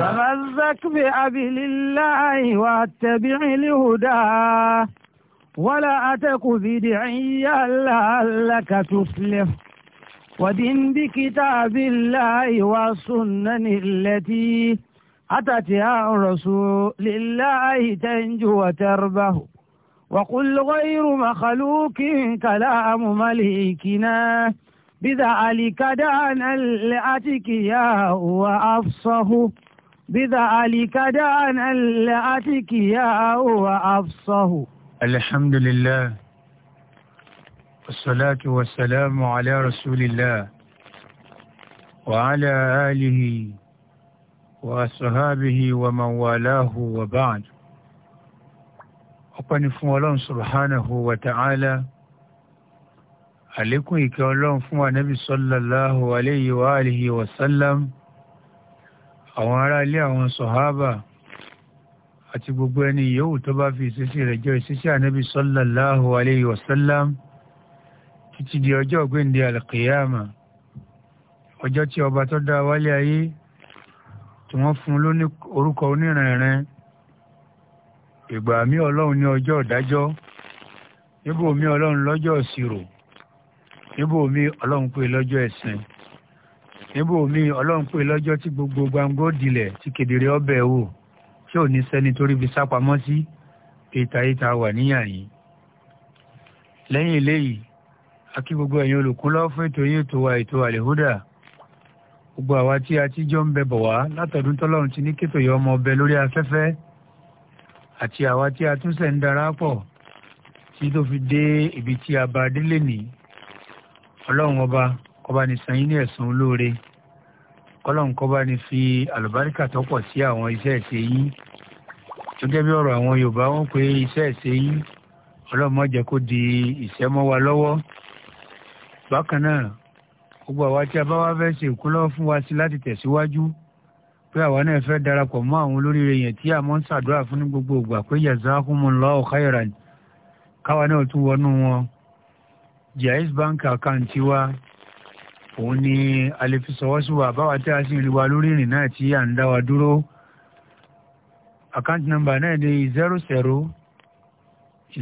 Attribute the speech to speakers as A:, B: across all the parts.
A: تمزك بأبي لله واتبع لهداه ولا أتك بدعيا لعلك تسلف ودن بكتاب الله والسنن التي أتت يا رسول الله تنجو وتربه وقل غير مخلوق كلام مليكنا بذلك دان لأتك يا وأفصه بذلك دان اللاتك يا وافصه
B: الحمد لله والصلاة والسلام على رسول الله وعلى آله وصحابه ومن والاه وبعد أقن فمولون سبحانه وتعالى عليكم إكرام فمو النبي صلى الله عليه وآله وسلم àwọn ará ilé àwọn sọ̀hábà àti gbogbo ẹni yòówù tó bá fi ìṣesí rẹ̀ jẹ́ ìṣesí ànábì sallallahu alayhi wa sallam títí di ọjọ́ ògbéǹde alqiyama ọjọ́ tí ọba tó dá wálé ayé tí wọ́n fún lóní orúkọ onírìnrìn ìgbà mi ọlọ́run ní ọjọ́ ìdájọ́ níbo mi ọlọ́run lọ́jọ́ ìṣirò níbo mi ọlọ́run pé lọ́jọ́ ẹ̀sìn. níbo mi ọlọ́run pé lọ́jọ́ tí gbogbo gbàǹgó dilẹ̀ ti kedere ọbẹ̀ wò tí ò ní sẹ́ni torí fi sápamọ́ sí pété ìta wà níyàyín lẹ́yìn eléyìí akí gbogbo ẹ̀yin olùkúnlọ́ fún ètò yín ètò wa ètò àlèhúdà gbogbo àwa tí a ti jọ ń bẹ bọ̀ wá látọ̀dún tọ́lọ́run ti ní kétò yọ ọmọ ọbẹ̀ lórí afẹ́fẹ́ àti àwa tí a tún sẹ̀ ń darapọ̀ tí tó fi dé ibi tí a bá délé ní ọlọ́run ọba kọ́ba ní san yín ní ẹ̀sùn olóore kọ́lọ́n kọ́ba ní fi àlùbáríkà tọ́pọ̀ sí àwọn iṣẹ́ ẹ̀ṣẹ̀ yín gẹ́gẹ́ bí ọ̀rọ̀ àwọn Yorùbá wọn pé iṣẹ́ ẹ̀ṣẹ̀ yín ọlọ́mọ jẹ́ kó di ìṣẹ́ mọ́ wa lọ́wọ́ bákan náà gbogbo àwa tí a bá wá fẹ́ ṣe ìkúnlọ́wọ́ fún wa sí láti tẹ̀síwájú pé àwa náà fẹ́ darapọ̀ mọ́ àwọn olóríire yẹn tí a ń ṣàdúrà fún ní gbogbo ìgbà pé jazakumullahu khairan káwa náà tún wọnú wọn jaiz bank account wa òun ni a lè fi sọwọ́sowọ́ àbáwá tí a sì rí wa lórí ìrìn náà tí à ń dá wa dúró account number náà ni zero zero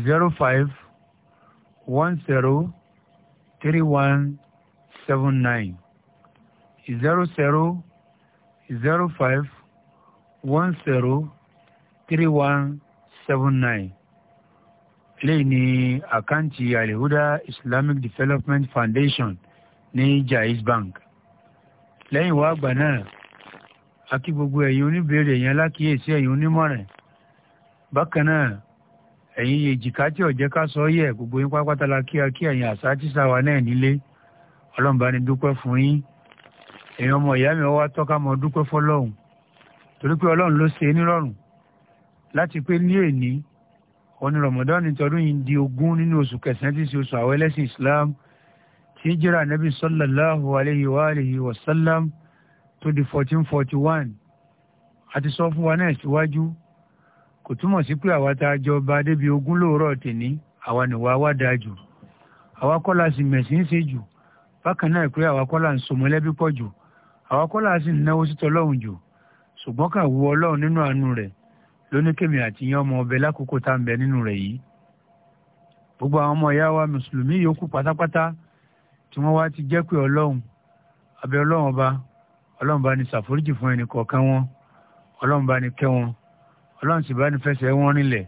B: zero five one zero three one seven nine zero zero zero five one zero three one seven nine eléyìí ni àkáǹtì al Islamic Development Foundation. ní Jais Bank lẹ́yìn wá àgbà náà a kí gbogbo ẹ̀yin oníbèrè yẹn lákìyèsí ẹ̀yin onímọ̀ràn bákan náà ẹ̀yin èjìká tí ọ̀jẹ́ ká sọ yẹ gbogbo yín pátápátá la kí a kí ẹ̀yin àṣà tí sáwa náà nílé ọlọ́run bá ní dúpẹ́ fún yín ọmọ ìyá mi wá tọ́ka torí pé ọlọ́run ló ṣe é láti pé ní èní òní tọdún yìí di ogún nínú oṣù Islam tí hijira nabi sallallahu alayhi wa alihi wa sallam tó di fourteen forty sọ fún wa náà síwájú kò túmọ̀ sí pé àwa tá a jọ ba débi ogún lóòrọ̀ tèní àwa nìwà wá dáa jù àwa kọ́ la sì mẹ̀sìn ṣe jù bákan náà pé àwa kọ́ la ń sọmọlẹ́bí pọ̀ jù àwa kọ́ la sì ń náwó sítọ́ lọ́hùn jù ṣùgbọ́n kà wù ọlọ́run nínú àánú rẹ̀ lóníkèmí àti yan ọmọ ọbẹ̀ lákòókò tá ń bẹ nínú rẹ̀ yìí gbogbo àwọn ọmọ ìyá wa mùsùlùmí yòókù pátápátá tí wọ́n wá ti jẹ́ pé ọlọ́run abẹ́ ọlọ́run ọba ọlọ́run bá ní ṣàforíjì fún ẹnì kọ̀ọ̀kan wọn ọlọ́run bá ní kẹ́ wọn ọlọ́run sì bá ní fẹsẹ̀ wọn nílẹ̀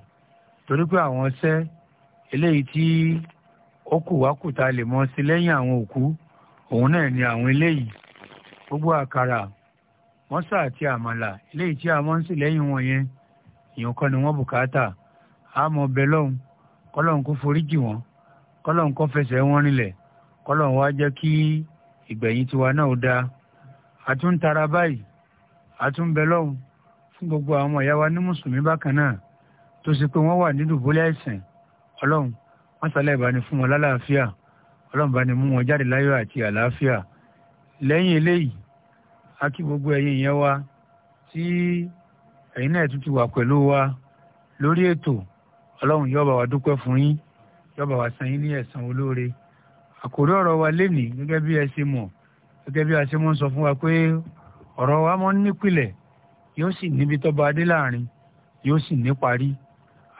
B: torí pé àwọn ṣẹ́ eléyìí tí ó kù wá kù tá a lè mọ̀ sí lẹ́yìn àwọn òkú òun náà ni àwọn eléyìí gbogbo àkàrà mọ́sà àti àmàlà eléyìí tí a mọ̀ ń sì lẹ́yìn wọn yẹn èèyàn kan ni wọ́n bùkátà àmọ́ bẹ́lọ́hún kọ́lọ́hún kó foríjì wọn kọ́lọ́hún kó fẹsẹ̀ wọn nílẹ̀ kọ́lọ́n wá jẹ́ kí ìgbẹ̀yìn tiwa náà dáa a tún tara báyìí a tún bẹ lọ́hùn fún gbogbo àwọn ọmọ ìyá wa ní mùsùlùmí bákan náà tó ṣe pé wọ́n wà nínú ìbólẹ̀ ẹ̀sìn ọlọ́run wọ́n sálẹ̀ ìbáni fún wọn lálàáfíà ọlọ́run bá ní mú wọn jáde láyọ̀ àti àlàáfíà lẹ́yìn eléyìí a kí gbogbo ẹ̀yin yẹn wa tí ẹ̀yin náà tún ti wà pẹ̀lú wa lórí ètò ọlọ́run yóò bá wa dúpẹ́ fún yín yóò bá wa san yín ní ẹ̀san olóore àkórí ọ̀rọ̀ wa lénìí gẹ́gẹ́ bí ẹ ṣe mọ̀ gẹ́gẹ́ bí a ṣe mọ̀ ń sọ fún wa pé ọ̀rọ̀ wa mọ́ nípìlẹ̀ yóò sì níbi tọ́ba adé láàrin yóò sì ní parí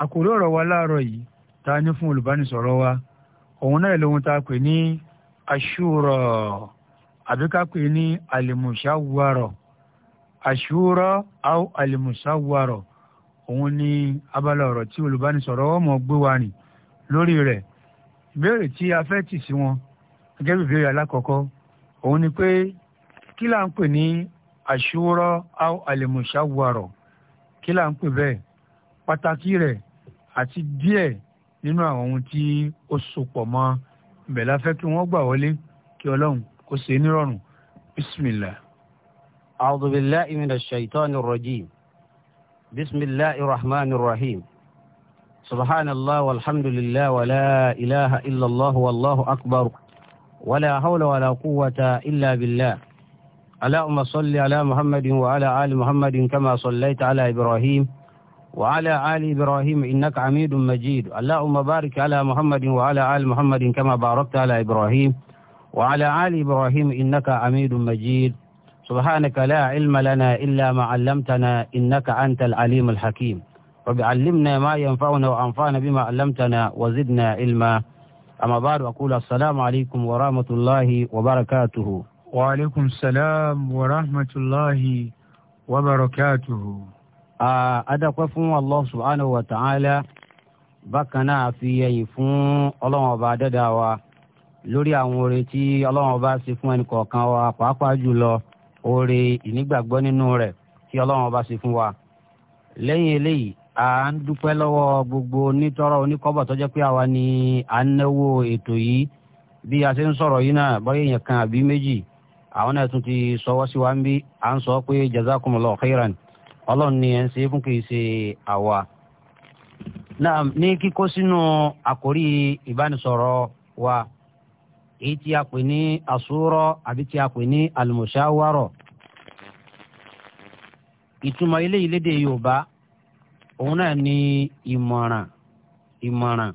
B: àkórí ọ̀rọ̀ wa láàárọ̀ yìí ta ní fún olùbánisọ̀rọ̀ wa òun náà lóhun tá pè ní àṣúrà àbí ká pè ní àlìmùsáwárọ̀ àṣúrà áw àlìmùsáwárọ̀ òun ni abala ọ̀rọ̀ tí olùbánisọ̀rọ̀ ọmọ gbé wa rìn lórí rẹ̀ béèrè tí a fẹ́ tì sí wọn gẹ́gẹ́ bí béèrè alákọ̀ọ́kọ́ òun ni pé kí là ń pè ní àṣúrọ́ àlèmọ̀ṣáwùarọ̀ kí là ń pè bẹ́ẹ̀ pàtàkì rẹ̀ àti díẹ̀ nínú àwọn ohun tí ó sopọ̀ mọ́ bẹ̀lá fẹ́ kí wọ́n gbà wọlé kí ọlọ́run kó ṣe é nírọ̀rùn bísímìlà.
A: a'udhu billahi minash shaitani rrajim bismillahir rahmanir rahim. سبحان الله والحمد لله ولا إله إلا الله والله أكبر ولا حول ولا قوة إلا بالله اللهم صل على محمد وعلى آل محمد كما صليت على إبراهيم وعلى آل إبراهيم إنك عميد مجيد اللهم بارك على محمد وعلى آل محمد كما باركت على إبراهيم وعلى آل إبراهيم إنك عميد مجيد سبحانك لا علم لنا إلا ما علمتنا إنك أنت العليم الحكيم رب علمنا ما ينفعنا وأنفعنا بما علمتنا
B: وزدنا علما أما بعد أقول السلام عليكم ورحمة الله وبركاته وعليكم السلام ورحمة الله وبركاته أدقى فون الله سبحانه وتعالى بكنا
A: في يفون الله بعد دعوة lórí àwọn oore tí ọlọ́run bá ṣe fún ẹnì kọ̀ọ̀kan wa pàápàá jùlọ oore ìnígbàgbọ́ nínú rẹ̀ tí ọlọ́run bá ṣe fún wa lẹ́yìn eléyìí à ń dúpẹ́ lọ́wọ́ gbogbo onítọ́rọ̀ oníkọ́bọ̀ tó jẹ́ pé àwa ni à ń náwó ètò yìí bí a ṣe ń sọ̀rọ̀ yìí náà bọ́yá èèyàn kan àbí méjì àwọn náà tún ti sọwọ́ sí wa ń bí à ń sọ pé jazakumullahu khairan ọlọ́run ni ẹ̀ ń ṣe fún kì í ṣe àwa. náà ní kíkó sínú àkórí ìbánisọ̀rọ̀ wa èyí tí a pè ní àsúrọ̀ àbí tí a pè ní àlùmọ̀ṣáwárọ̀ ìtumọ̀ ilé ìlédè yorùbá òun náà ni ìmọ̀ràn ìmọ̀ràn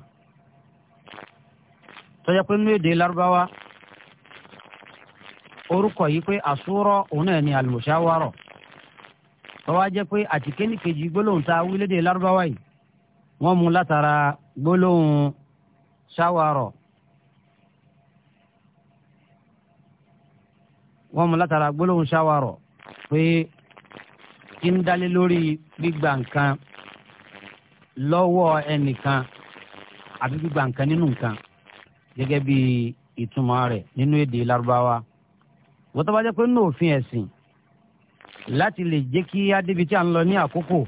A: tọ́jà pé nínú èdè lárúbáwá orúkọ yìí pé àsúrọ̀ òun náà ni àlùmọ̀ṣáwárọ̀ tọ́wá jẹ́ pé àti kéníkejì gbólóhùn tá a wí lédè lárúbáwá yìí wọ́n mú látara gbólóhùn ṣáwárọ̀ wọ́n mú látara gbólóhùn ṣáwárọ̀ pé kí ń dálé lórí gbígba nǹkan lọ́wọ́ ẹnìkan àbí gbígba nǹkan nínú nǹkan gẹ́gẹ́ bí ìtumọ̀ rẹ̀ nínú èdè Lárúbáwá wọ́n tó bá jẹ́ pé nínú òfin ẹ̀sìn láti lè jẹ́ kí adébi tí a ń lọ ní àkókò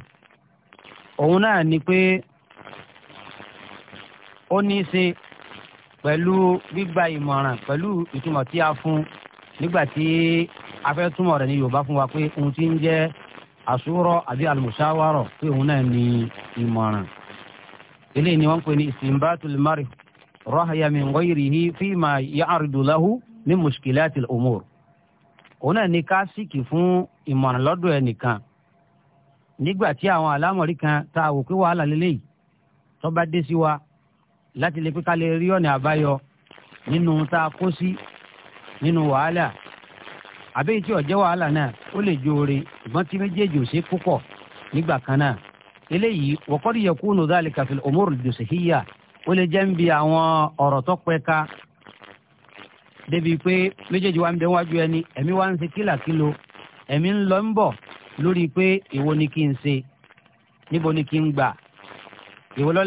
A: òun náà ni pé ó ní í ṣe pẹ̀lú gbígba ìmọ̀ràn pẹ̀lú ìtumọ̀ tí a fún nígbà tí a fẹ́ túmọ̀ rẹ̀ ní Yorùbá fún wa pé ohun tí ń jẹ́ àsúrọ̀ àbí àlùmùsáwárọ̀ pé òun náà ní ìmọ̀ràn eléyìí ni wọ́n ń pè ní istinbatul mari rọ́hàyà min ghayrihi fima ya'ridu lahu min mushkilatil umur òun náà ní ká síkì fún ìmọ̀ràn lọ́dọ̀ ẹnìkan nígbà tí àwọn àlámọ̀rí kan tá a wò pé wàhálà lélẹ́yìí tó dé sí wa láti lè pé ká lè rí ọ̀nà àbáyọ nínú tá a kó sí nínú wàhálà àbẹ́yìí tí ọ̀jẹ́ wàhálà náà ó lè jó ore ṣùgbọ́n tí méjèèjì ò ṣe púpọ̀ nígbà kan náà eléyìí wọ́kọ́dí yẹ kúnnù dáàlì kàfíìlì òmùrù dùsìhíyà ó lè jẹ́ ń bi àwọn ọ̀rọ̀ tó pẹ́ ká débi pé méjèèjì wa ń bẹ wájú ẹni ẹ̀mí wa ń ṣe kílàkílo ẹ̀mí ń lọ ń bọ̀ lórí pé èwo ni kí n ṣe níbo ni kí n gbà èwo ló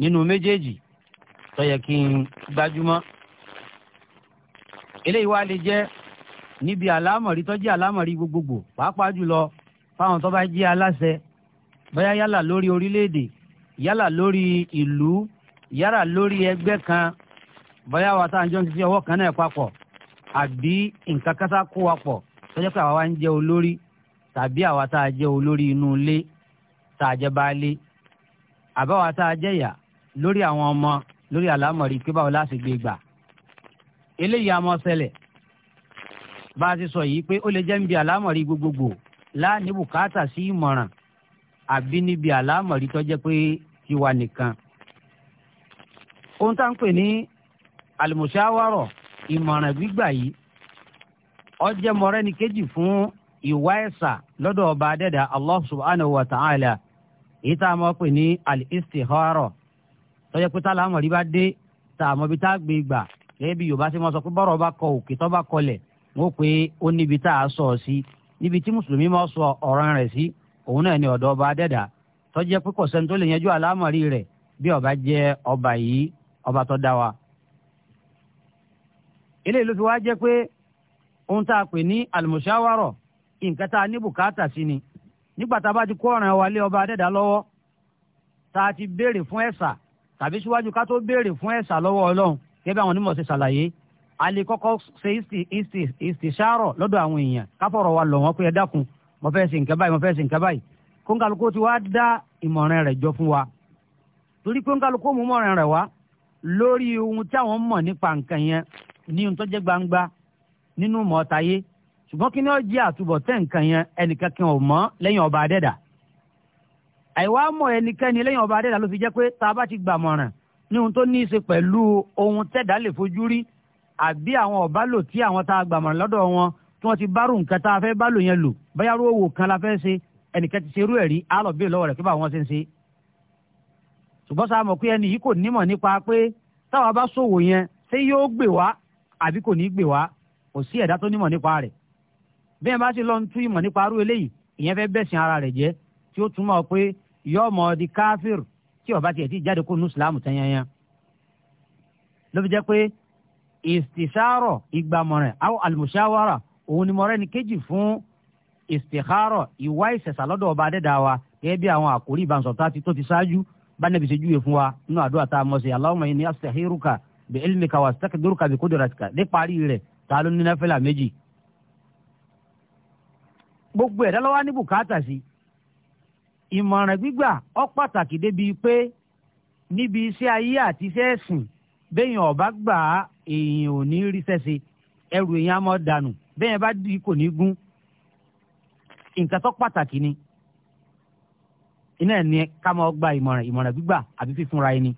A: nínú méjèèjì tó kí n gbájúmọ́ eléyìí wá lè jẹ́ níbi àlámọ̀rí tó jẹ́ àlámọ̀rí gbogbogbò pàápàá jùlọ fáwọn tó bá jẹ́ aláṣẹ bóyá yálà lórí orílẹ̀-èdè yálà lórí ìlú yálà lórí ẹgbẹ́ kan bóyá wa tá à ń jọ ń ṣiṣẹ́ ọwọ́ kan náà papọ̀ àbí nǹkan kátà kó wa pọ̀ tó jẹ́ pé àwa wá ń jẹ́ olórí tàbí àwa tá a jẹ́ olórí inú ilé tá a jẹ́ baálé àbáwa tá a jẹ́ ìyá lórí àwọn ọmọ lórí àlámọ̀rí pé báwo láti gbé gbà eléyìí àmọ́ ṣẹlẹ̀ bá a ṣe sọ yìí pé ó lè jẹ́ níbi àlámọ̀rí gbogbogbò lá ní bùkátà sí ìmọ̀ràn àbí níbi àlámọ̀rí tó jẹ́ pé tiwa nìkan. ohun tá à ń pè ní àlùmọ̀ṣáwárọ̀ ìmọ̀ràn gbígbà yìí ó jẹ́ mọ̀rẹ́ni kejì fún ìwà ẹ̀sà lọ́dọ̀ ọba adẹ́dà Allah subhanahu wa ta'ala èyí tá a mọ̀ pè ní al-istihara tó jẹ́ pé tá àlámọ̀rí bá dé tá a tá a gbé gbà gẹ́gẹ́ bí yorùbá ṣe mọ̀ sọ pé bọ́rọ̀ bá kọ òkè tó bá kọlẹ̀ wọ́n pé ó níbi tá a sọ ọ sí níbi tí mùsùlùmí máa sọ ọ̀ràn rẹ̀ sí òun náà ni ọ̀dọ̀ ọba adẹ́dà tó jẹ́ pé kò sẹ́ni tó lè yanjú àlámọ̀rí rẹ̀ bí ọba jẹ́ ọba yìí ọba tó dá wa. eléyìí ló fi wá jẹ́ pé ohun tá a pè ní àlùmọ̀ṣáwárọ̀ nǹkan tá a ní bùkátà sí ni nígbà tá a bá ti kó ọ̀ràn wa lé ọba adẹ́dà lọ́wọ́ tá a ti béèrè fún ẹ̀sà tàbí síwájú ká tó béèrè fún ẹ̀sà lọ́wọ́ ọlọ́run gẹ́gẹ́ àwọn onímọ̀ ṣe ṣàlàyé alẹ́ kọ́kọ́ ṣe ìstìṣàrọ̀ lọ́dọ̀ àwọn èèyàn káfọ̀rọ̀ wa lọ̀ wọ́n pé ẹ dákun mo fẹ́ ṣe nǹkan báyìí mo fẹ́ ṣe nǹkan báyìí kóńkàlùkò ti wá dá ìmọ̀ràn rẹ̀ jọ fún wa torí kóńkàlùkò mú mọ̀ràn rẹ̀ wá lórí ohun tí àwọn mọ̀ nípa nǹkan yẹn ní ohun tó jẹ́ gbangba nínú mọ̀ọ́tayé ṣùgbọ́n kí ni ó jẹ́ àtúbọ̀ tẹ́ nǹkan yẹn ẹnìkan kan ò mọ̀ lẹ́yìn ọba adẹ́dà àìwá mọ̀ ẹnikẹ́ni lẹ́yìn ọba adẹ́dà ló àbí àwọn ọ̀bá lò tí àwọn tá a gbàmọ̀ràn lọ́dọ̀ wọn tí wọ́n ti bárù nǹkan tá a fẹ́ bá lò yẹn lò bóyá rú owó kan la fẹ́ ṣe ẹnìkan ti ṣe irú ẹ̀ rí á lọ bèè lọ́wọ́ rẹ̀ kí bá wọn ṣe ń ṣe. ṣùgbọ́n sáà mọ̀ pé ẹni yìí kò nímọ̀ nípa pé táwa bá ṣòwò yẹn ṣé yóò gbè wá àbí kò ní gbè wá kò sí ẹ̀dá tó nímọ̀ nípa rẹ̀. bí bá ti lọ ìsìtìsáàrọ̀ ìgbàmọ̀ràn àwọn àlùmùsáwárà òun ni mọ̀rẹ́ni kejì fún ìsìtìkárọ̀ ìwá ìsẹ̀sà lọ́dọ̀ ọba adẹ́dáwa gẹ́gẹ́ bí àwọn àkórí ìbánisọ̀tà tó ti ṣáájú bánẹ́bí ṣe júwe fún wa nínú àdúrà tá a mọ̀ sí Allahumma inni astahiruka bi ilmika wa astakdiruka bi kudratika dé parí rẹ̀ ta ló ní náfẹ́là méjì. gbogbo ẹ̀dá ló ní bùkátà sí ìmọ̀ràn gbígbà ó pàtàkì débi pé níbi iṣẹ́ ayé àti iṣẹ́ ẹ̀sìn bẹ́yìn ọ̀bá gbà á èèyàn ò ní rí sẹ́sẹ̀ ẹrù èèyàn á mọ́ dànù bẹ́yìn bá di kò ní gún nǹkan tó pàtàkì ni iná ẹ̀ ní ká máa gba ìmọ̀ràn ìmọ̀ràn gbígbà àbí fífúnra ẹni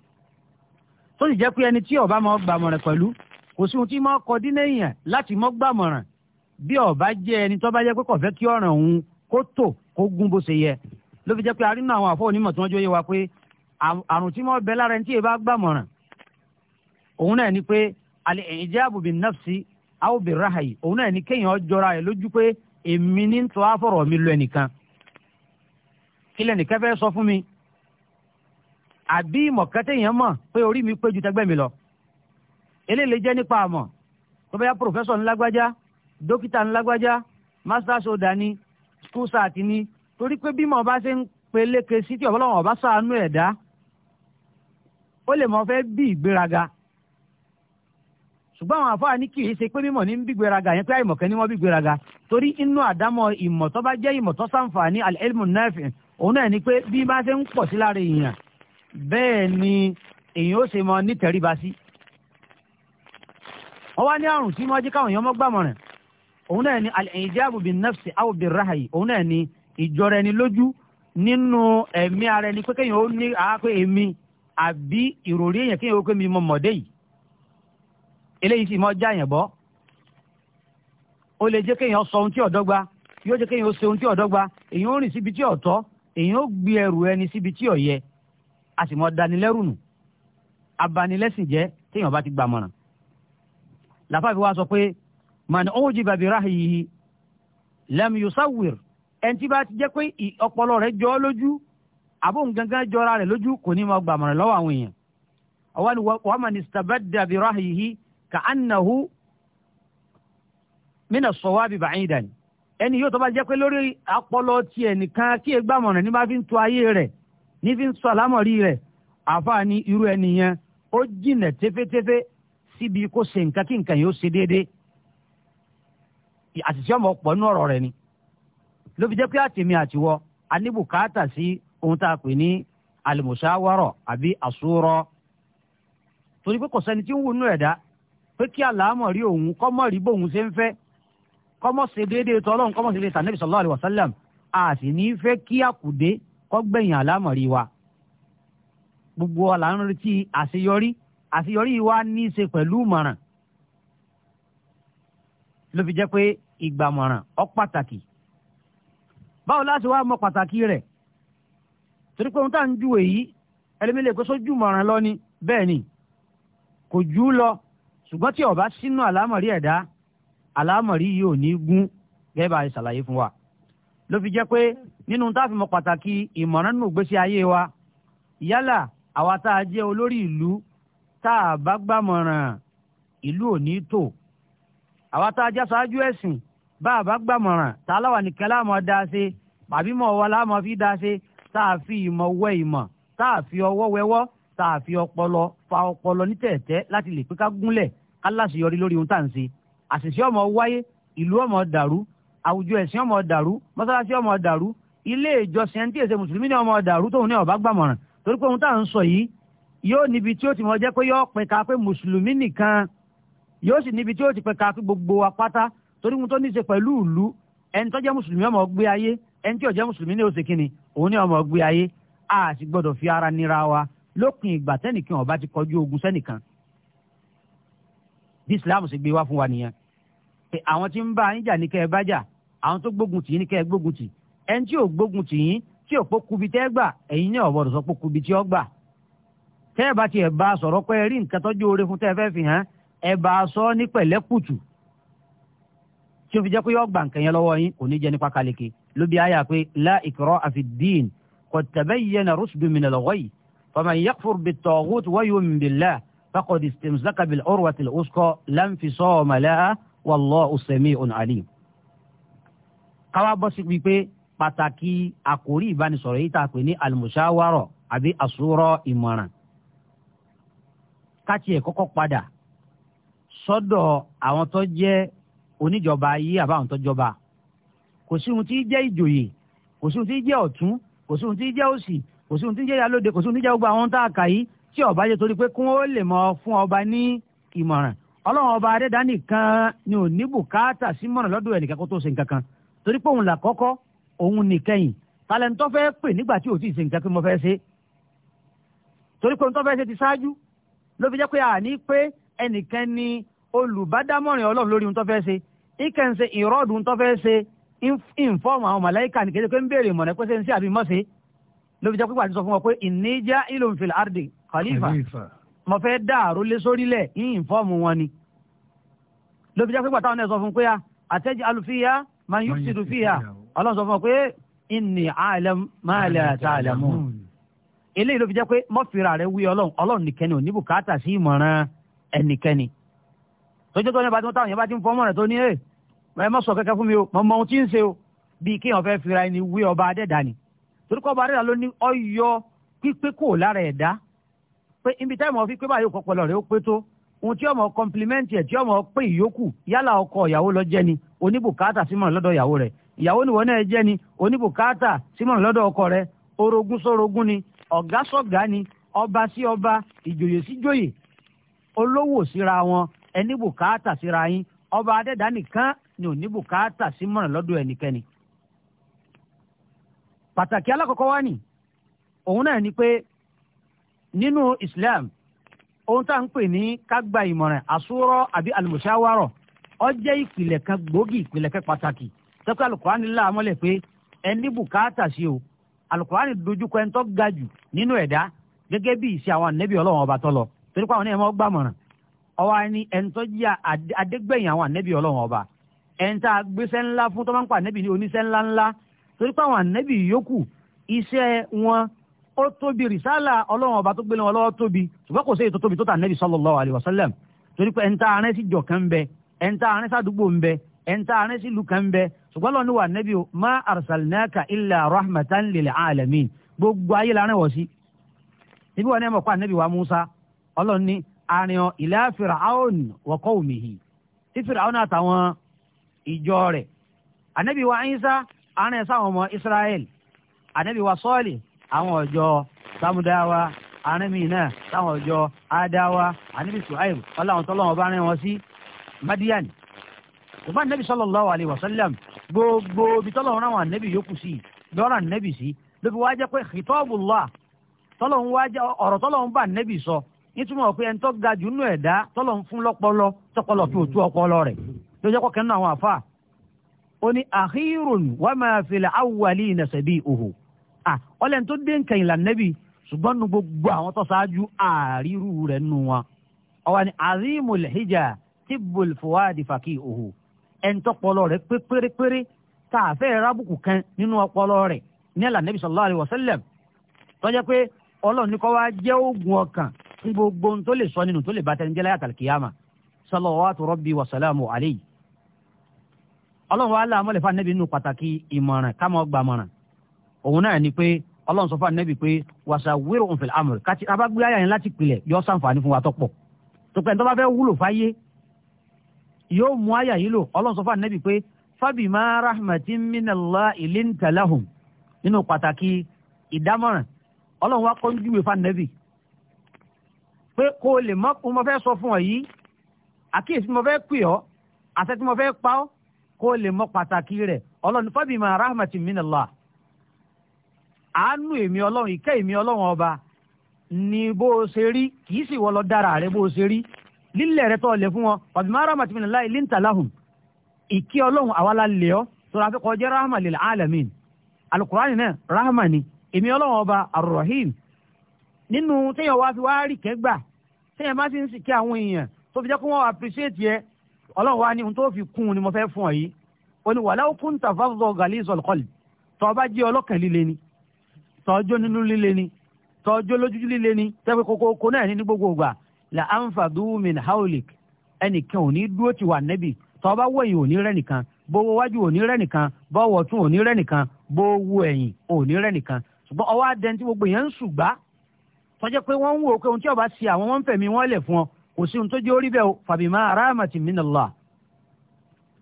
A: tó sì jẹ́ pé ẹni tí ọ̀bá máa gba mọ̀ràn pẹ̀lú kò sí ohun tí máa kọ dín lẹ́yìn láti máa gbà mọ̀ràn bí ọ̀bá jẹ́ ẹni tó bá jẹ́ pé kò fẹ́ kí ọ̀ràn òun kó tò kó gún bó ṣe yẹ ló fi jẹ́ pé arínú àwọn àfọ tí wọ́n jó yé wa pé àrùn tí wọ́n bẹ lára ẹni tí èèyàn òun náà ni pé alẹ́ ẹ̀yìn jẹ́ àbùbí nọ́ọ̀sì àwòbí ráhàyè òun náà ni kéèyàn jọra rẹ̀ lójú pé èmi ní tó àfọ̀rọ̀ mi lọ ẹnìkan kílẹ̀ nìkan fẹ́ sọ fún mi àbí mọ̀kẹ́tẹ̀yàn mọ̀ pé orí mi pé ju tẹgbẹ́ mi lọ eléyìí jẹ́ nípa àmọ̀ tó bá yá pòfẹ́sọ̀ ńlágbájá dókítà ńlágbájá masters ọ̀dà ni school sat ni torí pé bí mo bá ṣe ń peléke sí tí ọ̀pọ̀lọpọ̀ ọ̀bá sàánú ẹ̀dá ó lè mọ fẹ́ bí ìgbéraga ṣùgbọ́n àwọn àfáà ní kì í ṣe pé mímọ̀ ní bígbéraga yẹn pé àìmọ̀kẹ́ ni wọ́n bígbéraga torí inú àdámọ̀ ìmọ̀ tó bá jẹ́ ìmọ̀ tó sàǹfààní al-ilmu òun náà ni pé bí bá ṣe ń pọ̀ sí lára èèyàn bẹ́ẹ̀ ni èèyàn ó ṣe mọ nítẹríba sí. wọ́n wá ní àrùn tí wọ́n káwọn èèyàn mọ́ gbàmọ̀ràn òun náà ni al-ijabu bin nafsi aw bir òun náà eléyìí sì mọ́ jáàyàn bọ́ ó lè jẹ́ kéèyàn sọ ohun tí ọ̀dọ́gba yóò jẹ́ kéèyàn ṣe ohun tí ọ̀dọ́gba èèyàn ó rìn síbi tí ọ̀tọ́ èèyàn ó gbé ẹrù ẹni síbi tí ọ̀yẹ a sì mọ́ danilẹ́rù nù abanilẹ́sìn jẹ́ téèyàn bá ti gbàmọ̀ràn làfàfi wa sọ pé man ujiba bi rahyihi lam yusawwir ẹni tí bá ti jẹ́ pé ọpọlọ rẹ̀ jọ lójú àbóhùn gangan jọra rẹ̀ lójú kò ní mọ́ gbàmọ̀ràn lọ́wọ́ àwọn èèyàn ọwọ́ ni wọ́n mọ̀ ní stabadda bi rahyihi كأنه من الصواب بعيدا ẹni yóò tó bá jẹ́ pé lórí ọpọlọ tiẹ̀ nìkan kí egbàmọ̀ràn ní bá fi ń tu ayé rẹ̀ ní fi ń sọ àlámọ̀rí rẹ̀ àfa ni irú ẹni yẹn ó jìnà tẹ́fẹ́tẹ́fẹ́ síbi kó ṣe nǹkan kí nǹkan yóò se déédéé àṣìṣe ọmọ pọ̀ nínú ọ̀rọ̀ rẹ̀ ni ló fi jẹ́ pé àtẹ̀mí àtiwọ́ a sí ohun tá a pè ní almushawara àbí àsúrọ̀ torí pé kò sẹ́ni tí ń wù ẹ̀dá pé kí àlámọ̀rí òun kọ́mọ̀ rí bóun ṣe ń fẹ́ kọ́mọ̀ ṣe déédéé tọ́lọ́run kọ́mọ̀ ṣe a ní fẹ́ kí àkùdé wa. gbogbo ọ̀la ń retí àṣeyọrí àṣeyọrí wa ní í ṣe pẹ̀lú ìmọ̀ràn ló fi jẹ́ pé ìgbàmọ̀ràn ó pàtàkì. báwo láti wá mọ pàtàkì rẹ̀ torí pé ohun lọ ni bẹ́ẹ̀ ni lọ ṣùgbọ́n tí ó bá sínú àlámọ̀rí ẹ̀dá àlámọ̀rí yìí ò ní gún gẹ́gẹ́ bá a ṣàlàyé fún wa ló fi jẹ́ pé nínú tá a fi mọ pàtàkì ìmọ̀ràn nínú ìgbésí ayé wa yálà àwa tá a jẹ́ olórí ìlú tá a bá gbàmọ̀ràn ìlú ò ní tò àwa tá a jẹ́ aṣáájú ẹ̀sìn bá a bá gbàmọ̀ràn tá a láwà nìkan láàmú dá a ṣe àbí mọ̀ ọwọ́ láàmú fi dá ṣe tá a fi ìmọ̀ wẹ ìmọ̀ tá a fi ọwọ́ wẹwọ́ tá a fi ọpọlọ fa ọpọlọ ní tẹ̀tẹ̀ láti lè pé ká gúnlẹ̀ kálàṣeyọrí lórí ohun tá à ń ṣe àṣìṣe ọmọ wáyé ìlú ọmọ dàrú àwùjọ ẹ̀sìn ọmọ dàrú mọ́sálásí ọmọ dàrú ilé ìjọsìn tí èsè mùsùlùmí ní ọmọ dàrú tóun ní ọba gbàmọ̀ràn torí pé ohun tá à ń sọ yìí yóò níbi tí ó ti mọ jẹ́ pé yóò pẹ̀ka pé mùsùlùmí nìkan yóò sì níbi tí ó ti pẹ̀ka pé gbogbo wa pátá torí ohun tó ní í pẹ̀lú ìlú ẹni tó jẹ́ mùsùlùmí ọmọ gbé ayé ẹni tí ò jẹ́ mùsùlùmí ní oṣù kínní òun ní ọmọ gbé ayé a sì gbọ́dọ̀ fi ara nira wa lópin ìgbà tẹ́nìkan ọba ti kọjú ogun sẹ́nìkan bí islam ṣe gbé wá fún wa nìyẹn pé àwọn tí ń bá yín jà ní kẹ́ ẹ bá jà àwọn tó gbógun tì yín ní kẹ́ ẹ gbógun tì ẹni tí ò gbógun tì yín tí ò pókubi tẹ́ gbà ẹ̀yin ní ọ̀bọ̀dọ̀ sọ pókubi tí ó gbà tẹ́ ẹ bá tiẹ̀ bá a sọ̀rọ̀ pé rí nǹkan tọ́jú oore fún tẹ́ ẹ fẹ́ fi hàn ẹ bá a sọ ní pẹ̀lẹ́kùtù tí o fi jẹ́ pé yọ gbà nǹkan yẹn lọ́wọ́ yín kò ní jẹ́ nípa kàlẹ́kẹ́ ló bí aya pé la ikraha fi ddin qad tabayyana rushdu minal ghayy فقد istamsaka بالعروة urwatil لم la infisama laha wallahu sami'un alim. káwá bọ́ sí pípé pàtàkì àkórí ìbánisọ̀rọ̀ yìí tá a pè ní al-mushawara àbí àsúrọ̀ ìmọ̀ràn. káàtì ẹ̀ kọ́kọ́ padà sọ́dọ̀ àwọn tó jẹ́ oníjọba yìí àbáwọn tó jọba kò sí ohun tí jẹ́ ìjòyè kò sí ohun tí jẹ́ ọ̀tún kò sí ohun tí jẹ́ òsì kò sí ohun tí jẹ́ yálóde kò sí ohun tí jẹ́ gbogbo àwọn tá a kà yìí tí ọba yẹ torí pé kí wọ́n lè mọ fún ọba ní ìmọ̀ràn ọlọ́run ọba adẹ́dá nìkan ni ò ní bùkátà sí mọ̀ràn lọ́dọ̀ ẹnìkan kó tó ṣe nǹkan kan torí pé òun là kọ́kọ́ òun nìkẹyìn talẹ̀ntọ́ fẹ́ pè nígbà tí ò tí ì ṣe nǹkan pé mo fẹ́ ṣe torí pé òun tó fẹ́ ṣe ti ṣáájú ló fi jẹ́ pé àní pé ẹnìkan ni olùbádámọ̀rìn ọlọ́run lórí ohun tó fẹ́ ṣe ìkẹ́ǹṣe ìrọ́ọ̀dù ohun tó fẹ́ ṣe ìfọ́ọ̀mù àwọn màláìkà nìkejì pé ń béèrè ìmọ̀ràn pé ṣe ń ṣe àbí mọ́ ṣe ló fi jẹ́ pé pàtó sọ fún wọn pé ìníjà ìlòǹfìlà àrdì khalifa mo fẹ́ dá àrò lé sórílẹ̀ yín fọ́ọ̀mù wọn ni ló fi jẹ́ pé pàtàkùn náà sọ fún pé àtẹ́jì alùfíà máa yóò sì dùfíà ọlọ́run sọ fún ọ pé inni àlẹ́ máa lẹ́ àtàlẹ́mù eléyìí ló fi jẹ́ pé mọ́fìrà rẹ̀ wí ọlọ́run ọlọ́run nìkẹ́ni ò ní bùkátà sí ìmọ̀ràn ẹnikẹ́ni tójú tó ní bàtí wọn táwọn yẹn bá ti ń fọmọ rẹ tó ní ẹ ẹ sọ kẹkẹ fún mi o mọ ni torí kọ́ ọba adẹ́dá ló pé ibi táyà mọ̀ fi pé báyìí ọpọlọ rẹ̀ ó pé tó ohun tí ọmọ kọ́ńpìlímẹ́ǹtì ẹ̀ tí ọmọ pé ìyókù yálà ọkọ ìyàwó lọ jẹ́ ni oníbùkátà símọ̀ lọ́dọ̀ ìyàwó rẹ̀ ìyàwó náà ni oníbùkátà símọ̀ lọ́dọ̀ ọkọ rẹ̀ orogún sórogún ni ọ̀gá sọ̀gá ni ọba sí ọba ìjòyè sí jòyè olówó síra wọn ẹni síra yín ọba adẹ́dá ni ò símọ̀ lọ́dọ̀ ẹnikẹ́ni pàtàkì alákọ̀ọ́kọ́ wá òun náà ni nínú Islam ohun tá à ń pè ní kágbà ìmọ̀ràn àsúrọ̀ àbí àlùmọ̀ṣáwárọ̀ ó jẹ́ ìpìlẹ̀ kan gbòógì ìpìlẹ̀ kan pàtàkì tẹ́kọ̀ alukurani láàmúlẹ̀ pé ẹni bùkátà sí o alukurani dojúkọ ẹni tó ga jù nínú ẹ̀dá gẹ́gẹ́ bí ìṣe àwọn ànẹ́bí ọlọ́run ọba tọ́lọ torí pé àwọn ẹ̀mọ́ gbàmọ̀ràn ọwọ́ ẹni ẹni tó jẹ́ adégbẹ̀yìn àwọn ànẹ́bí ọlọ́run ọba ẹni tá a gbéṣẹ́ ńlá fún tó máa ń pa ànẹ́bí ní ó tóbi rìsálà ọlọ́run ọba tó gbélé wọn lọ́wọ́ tóbi ṣùgbọ́n kò sí èyí tó tóbi tó tà nẹ́bí sallallahu alaihi wasallam torí pé ẹ̀ńtà arẹ́ sí jọ̀kan ń bẹ ẹ̀ńtà arẹ́ sàdúgbò ń bẹ ẹ̀ńtà arẹ́ sí ìlú kan ń bẹ ṣùgbọ́n lọ́ni wà nẹ́bí o ma arsalnaka illa rahmatan lil alamin gbogbo ayé la rẹ̀ wọ̀ sí. ibi wọn ni mọ̀ pa nẹ́bí wa Musa ọlọ́run ní àwọn ọjọ́ samudawa arinmi náà táwọn ọjọ́ adawa anabi suhaib ọláwọn tọ́lọ́wọ́n bá rìn wọn sí madian ṣùgbọ́n anabi sallallahu alayhi wa sallam gbogbo ibi tọ́lọ́wọ́n ráwọn anabi yòókù sí lọ́rọ̀ anabi sí ló fi wá jẹ́ pé khitabullah tọ́lọ́wọ́n wá jẹ́ ọ̀rọ̀ tọ́lọ́wọ́n bá anabi sọ nítumọ̀ pé ẹni tó ga jù nínú ẹ̀dá tọ́lọ́wọ́n fún lọ́pọlọ tọ́pọlọ tó tú ọpọlọ rẹ̀ ló jẹ́ kọ́kẹ́ nínú àwọn àfà ó ní akhirun wa ma fil à ah, ọlẹ́ni tó dé nkẹyìn lànẹ́bì ṣùgbọ́n nu gbogbo àwọn tó ṣáájú àríru rẹ̀ nù wọn. ọ̀wá ni azimul hija tibbul fuwadi fàkì òhò ẹni tó pọlọ rẹ̀ pé pérépéré tá a fẹ́ rábùkù kan nínú ọpọlọ rẹ̀ ní lànẹ́bì sallallahu alaihi wasallam tó pé ọlọ́run ní wá jẹ́ oògùn ọkàn tí gbogbo ohun tó lè sọ nínú tó lè bá tẹnijẹ́ láyà tàlkìyàmà salawatu rabbi wa salamu òun náà ni pé ọlọ́run sọ fún ànábì pé wàṣà wíìrò òun fìlà àmọ̀ kàtí abágbé ayà yẹn láti pilẹ̀ yọ sàǹfààní fún wa tọ́pọ̀ tó pẹ́ tó bá fẹ́ wúlò fáyé yóò mú àyà yìí lò ọlọ́run sọ fún ànábì pé fábì má rahmatin minallahi linta lahum nínú pàtàkì ìdámọ̀ràn ọlọ́run wá kọ́ńjú ìwé fún ànábì pé kó o lè mọ́ mo fẹ́ sọ fún ọ yìí àkíyèsí mo fẹ́ àánú èmi ọlọ́run ìkẹ́ èmi ọlọ́run ọba ni bó o ṣe rí kì í sì wọ́ lọ dára rẹ bó o ṣe rí lílẹ̀ rẹ tọ́ ọ lẹ̀ fún wọn ọ̀bí máa rámà tìmínà láì líǹtà láhùn ìkí ọlọ́run àwa la lẹ̀ ọ́ sọ̀rọ̀ àfi kọjá ráhàmà lil alamin alukurani náà ráhàmà ni èmi ọlọ́run ọba arrahim nínú téèyàn wá fi wá rí kẹ́gbà téèyàn bá ti ń sìkẹ́ àwọn èèyàn tó fi jẹ́ kó wọ́n appreciate yẹ ọlọ́run wa ni ohun tó fi kún un ni mo fẹ́ fún ọ yìí ó ní gàlí ìsọ̀lùkọ́lì tó o bá jẹ́ ọlọ́kàn líle ni tọ́jọ́ nínú líle ni tọ́jọ́ lójú líle ni tẹ́fẹ́ kókó náà ní gbogbo ìgbà la anfadu min haulik ẹnìkan ò ní dúró ti wà nẹ́bì tọ́ba wọ̀nyí ò ní rẹ́ nìkan bówó wájú ò ní rẹ́ nìkan bọ́wọ́ tún ò ní rẹ́ nìkan bówó ẹ̀yìn ò ní rẹ́ nìkan ṣùgbọ́n ọwọ́ adẹ́n tí gbogbo yẹn ń ṣùgbá tọ́jọ́ pé wọ́n ń wò pé ohun tí ọba ṣe àwọn wọ́n fẹ̀mí wọ́n lẹ̀ fún ọ kò sí ohun tó jẹ́ orí bẹ́ẹ̀ o fàbímọ́ aráàmàtì mínàlá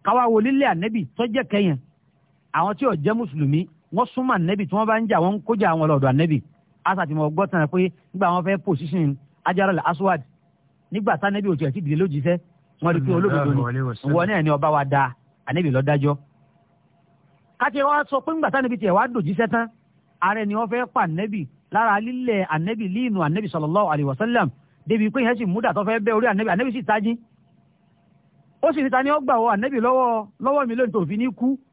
A: káwá wo lílé tọ́jẹ́ kẹyìn àwọn tí ò mùsùlùmí wọ́n súnmọ́ ànẹ́bì tí wọ́n bá ń jà wọ́n ń kójà àwọn lọ́dọ̀ ànẹ́bì asa ti mọ̀ gbọ́ tán pé nígbà wọn fẹ́ position ajara la aswad nígbà tá ànẹ́bì òtún ẹ̀ ti dìde lójíṣẹ́ wọ́n rí pé olódodo ni wọ́n náà ni ọba wa da ànẹ́bì ló dájọ́ káti wá sọ pé nígbà tá ànẹ́bì tiẹ̀ wá dòjíṣẹ́ tán ààrẹ ni wọ́n fẹ́ pa ànẹ́bì lára lílẹ̀ ànẹ́bì líìnù ànẹ́bì sallallahu alaihi wasallam débi pé yẹn sì múdà tó fẹ́ bẹ́ orí ànẹ́bì ànẹ́bì sì tají ó sì níta ni ó gbà wọ ànẹ́bì lọ́wọ́ lọ́wọ́ mi lónìí tó fi ní kú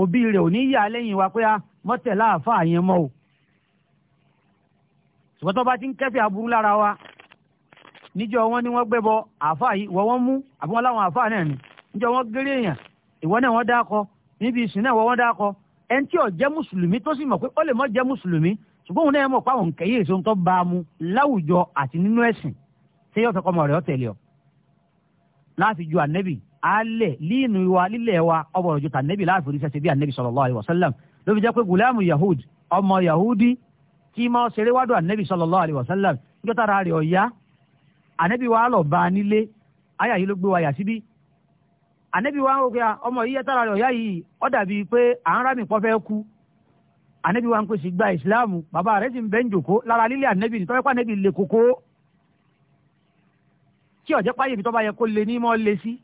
A: òbí rẹ̀ ò ní yà lẹ́yìn wa pé a ah, mọ́tẹ̀lá àáfàá yẹn mọ́ o ṣùgbọ́n tó bá ti ń kẹ́fẹ́ aburú lára wa níjọ́ wọn ni wọ́n gbẹ́bọ àáfàá yìí wọ́n wọ́n mú àbí wọn láwọn àáfàá náà ni níjọ́ wọn géré èèyàn ìwọ náà wọ́n dákọ níbi ìsìn náà wọ́n dákọ ẹni tí ò jẹ́ mùsùlùmí tó sì mọ̀ pé ó lè mọ́ jẹ́ mùsùlùmí ṣùgbọ́n òun náà mọ̀ pé àwọn èso tó bá a mu láwùjọ àti nínú ẹ̀sìn ṣé yóò fẹ́ kọ́ ọmọ rẹ̀ ọ́ tẹ̀lé ọ láti ju ànẹ́bì alẹ̀ líìnù wa lílẹ̀ wa ọbọ̀rọ̀ ju tànẹ́bì láàfin oníṣẹ́ ṣe bí ànẹ́bì sallallahu alaihi wasallam ló fi jẹ́ pé gùlámù yahud ọmọ yahudi tí mọ́ ṣeré wádùn ànẹ́bì sallallahu alaihi wasallam níjọ́ tára rẹ̀ ọ̀yá ànẹ́bì wa lọ bá a nílé ayà yìí ló gbé wa yà síbí ànẹ́bì wa ń wò pé ọmọ yìí tára rẹ̀ ọ̀yá yìí ó dàbí pé à ń rámì pọ́ fẹ́ kú ànẹ́bì wa ń pèsè gba ìsìláàmù bàbá rẹ̀ sì ń bẹ́ ń jòkó lára lílé ànẹ́bì ní tọ́wẹ́pá ànẹ́bì le koko tí ọ̀jẹ́ páyé ibi tó bá yẹ kó le ní mọ́ le sí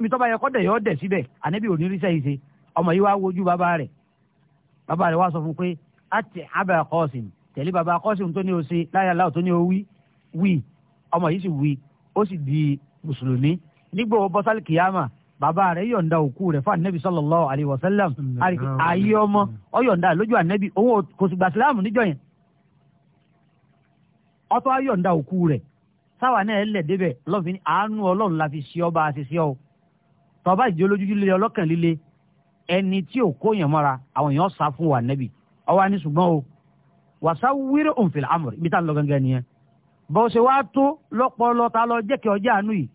A: mi tọ́ba yẹ kọ́dẹ̀ yọ dẹ̀ síbẹ̀ ànábì ò ní rí sẹ́yìn ṣe ọmọ yìí wá wojú bàbá rẹ̀ bàbá rẹ̀ wá sọ fún pé àti abẹ́ kọ́ọ̀sìn tẹ̀lé bàbá kọ́ọ̀sìn tó ní o ṣe láyà láò tó ní o wí wí ọmọ yìí sì wí ó sì di mùsùlùmí nígbà wo bọ́sálì kìyàmà bàbá rẹ̀ yọ̀ǹda òkú rẹ̀ fún ànábì sallallahu alaihi wasallam ayé ọmọ ọ yọ̀ǹda lójú ànábì òun kò sì gbà síláàmù níjọ yẹn ọtọ́ ayọ̀ǹda òkú rẹ̀ sáwà náà ẹ̀ lẹ̀ débẹ̀ lọ́fíìn àánú ọlọ́run la fi ṣe ọba àṣìṣe ọ́ tọ́ba ìjọ lójú líle ọlọ́kàn líle ẹni tí ò kó yẹn mọ́ra àwọn èèyàn sá fún wa nẹ́bi ọwọ́ ni ṣùgbọ́n o wàsá wírí òǹfìlà amọ̀rẹ́ ibi tá a lọ gangan nìyẹn bó ṣe wá tó lọ́pọ̀lọ́ ta lọ jẹ́ kí ọjà àánú yìí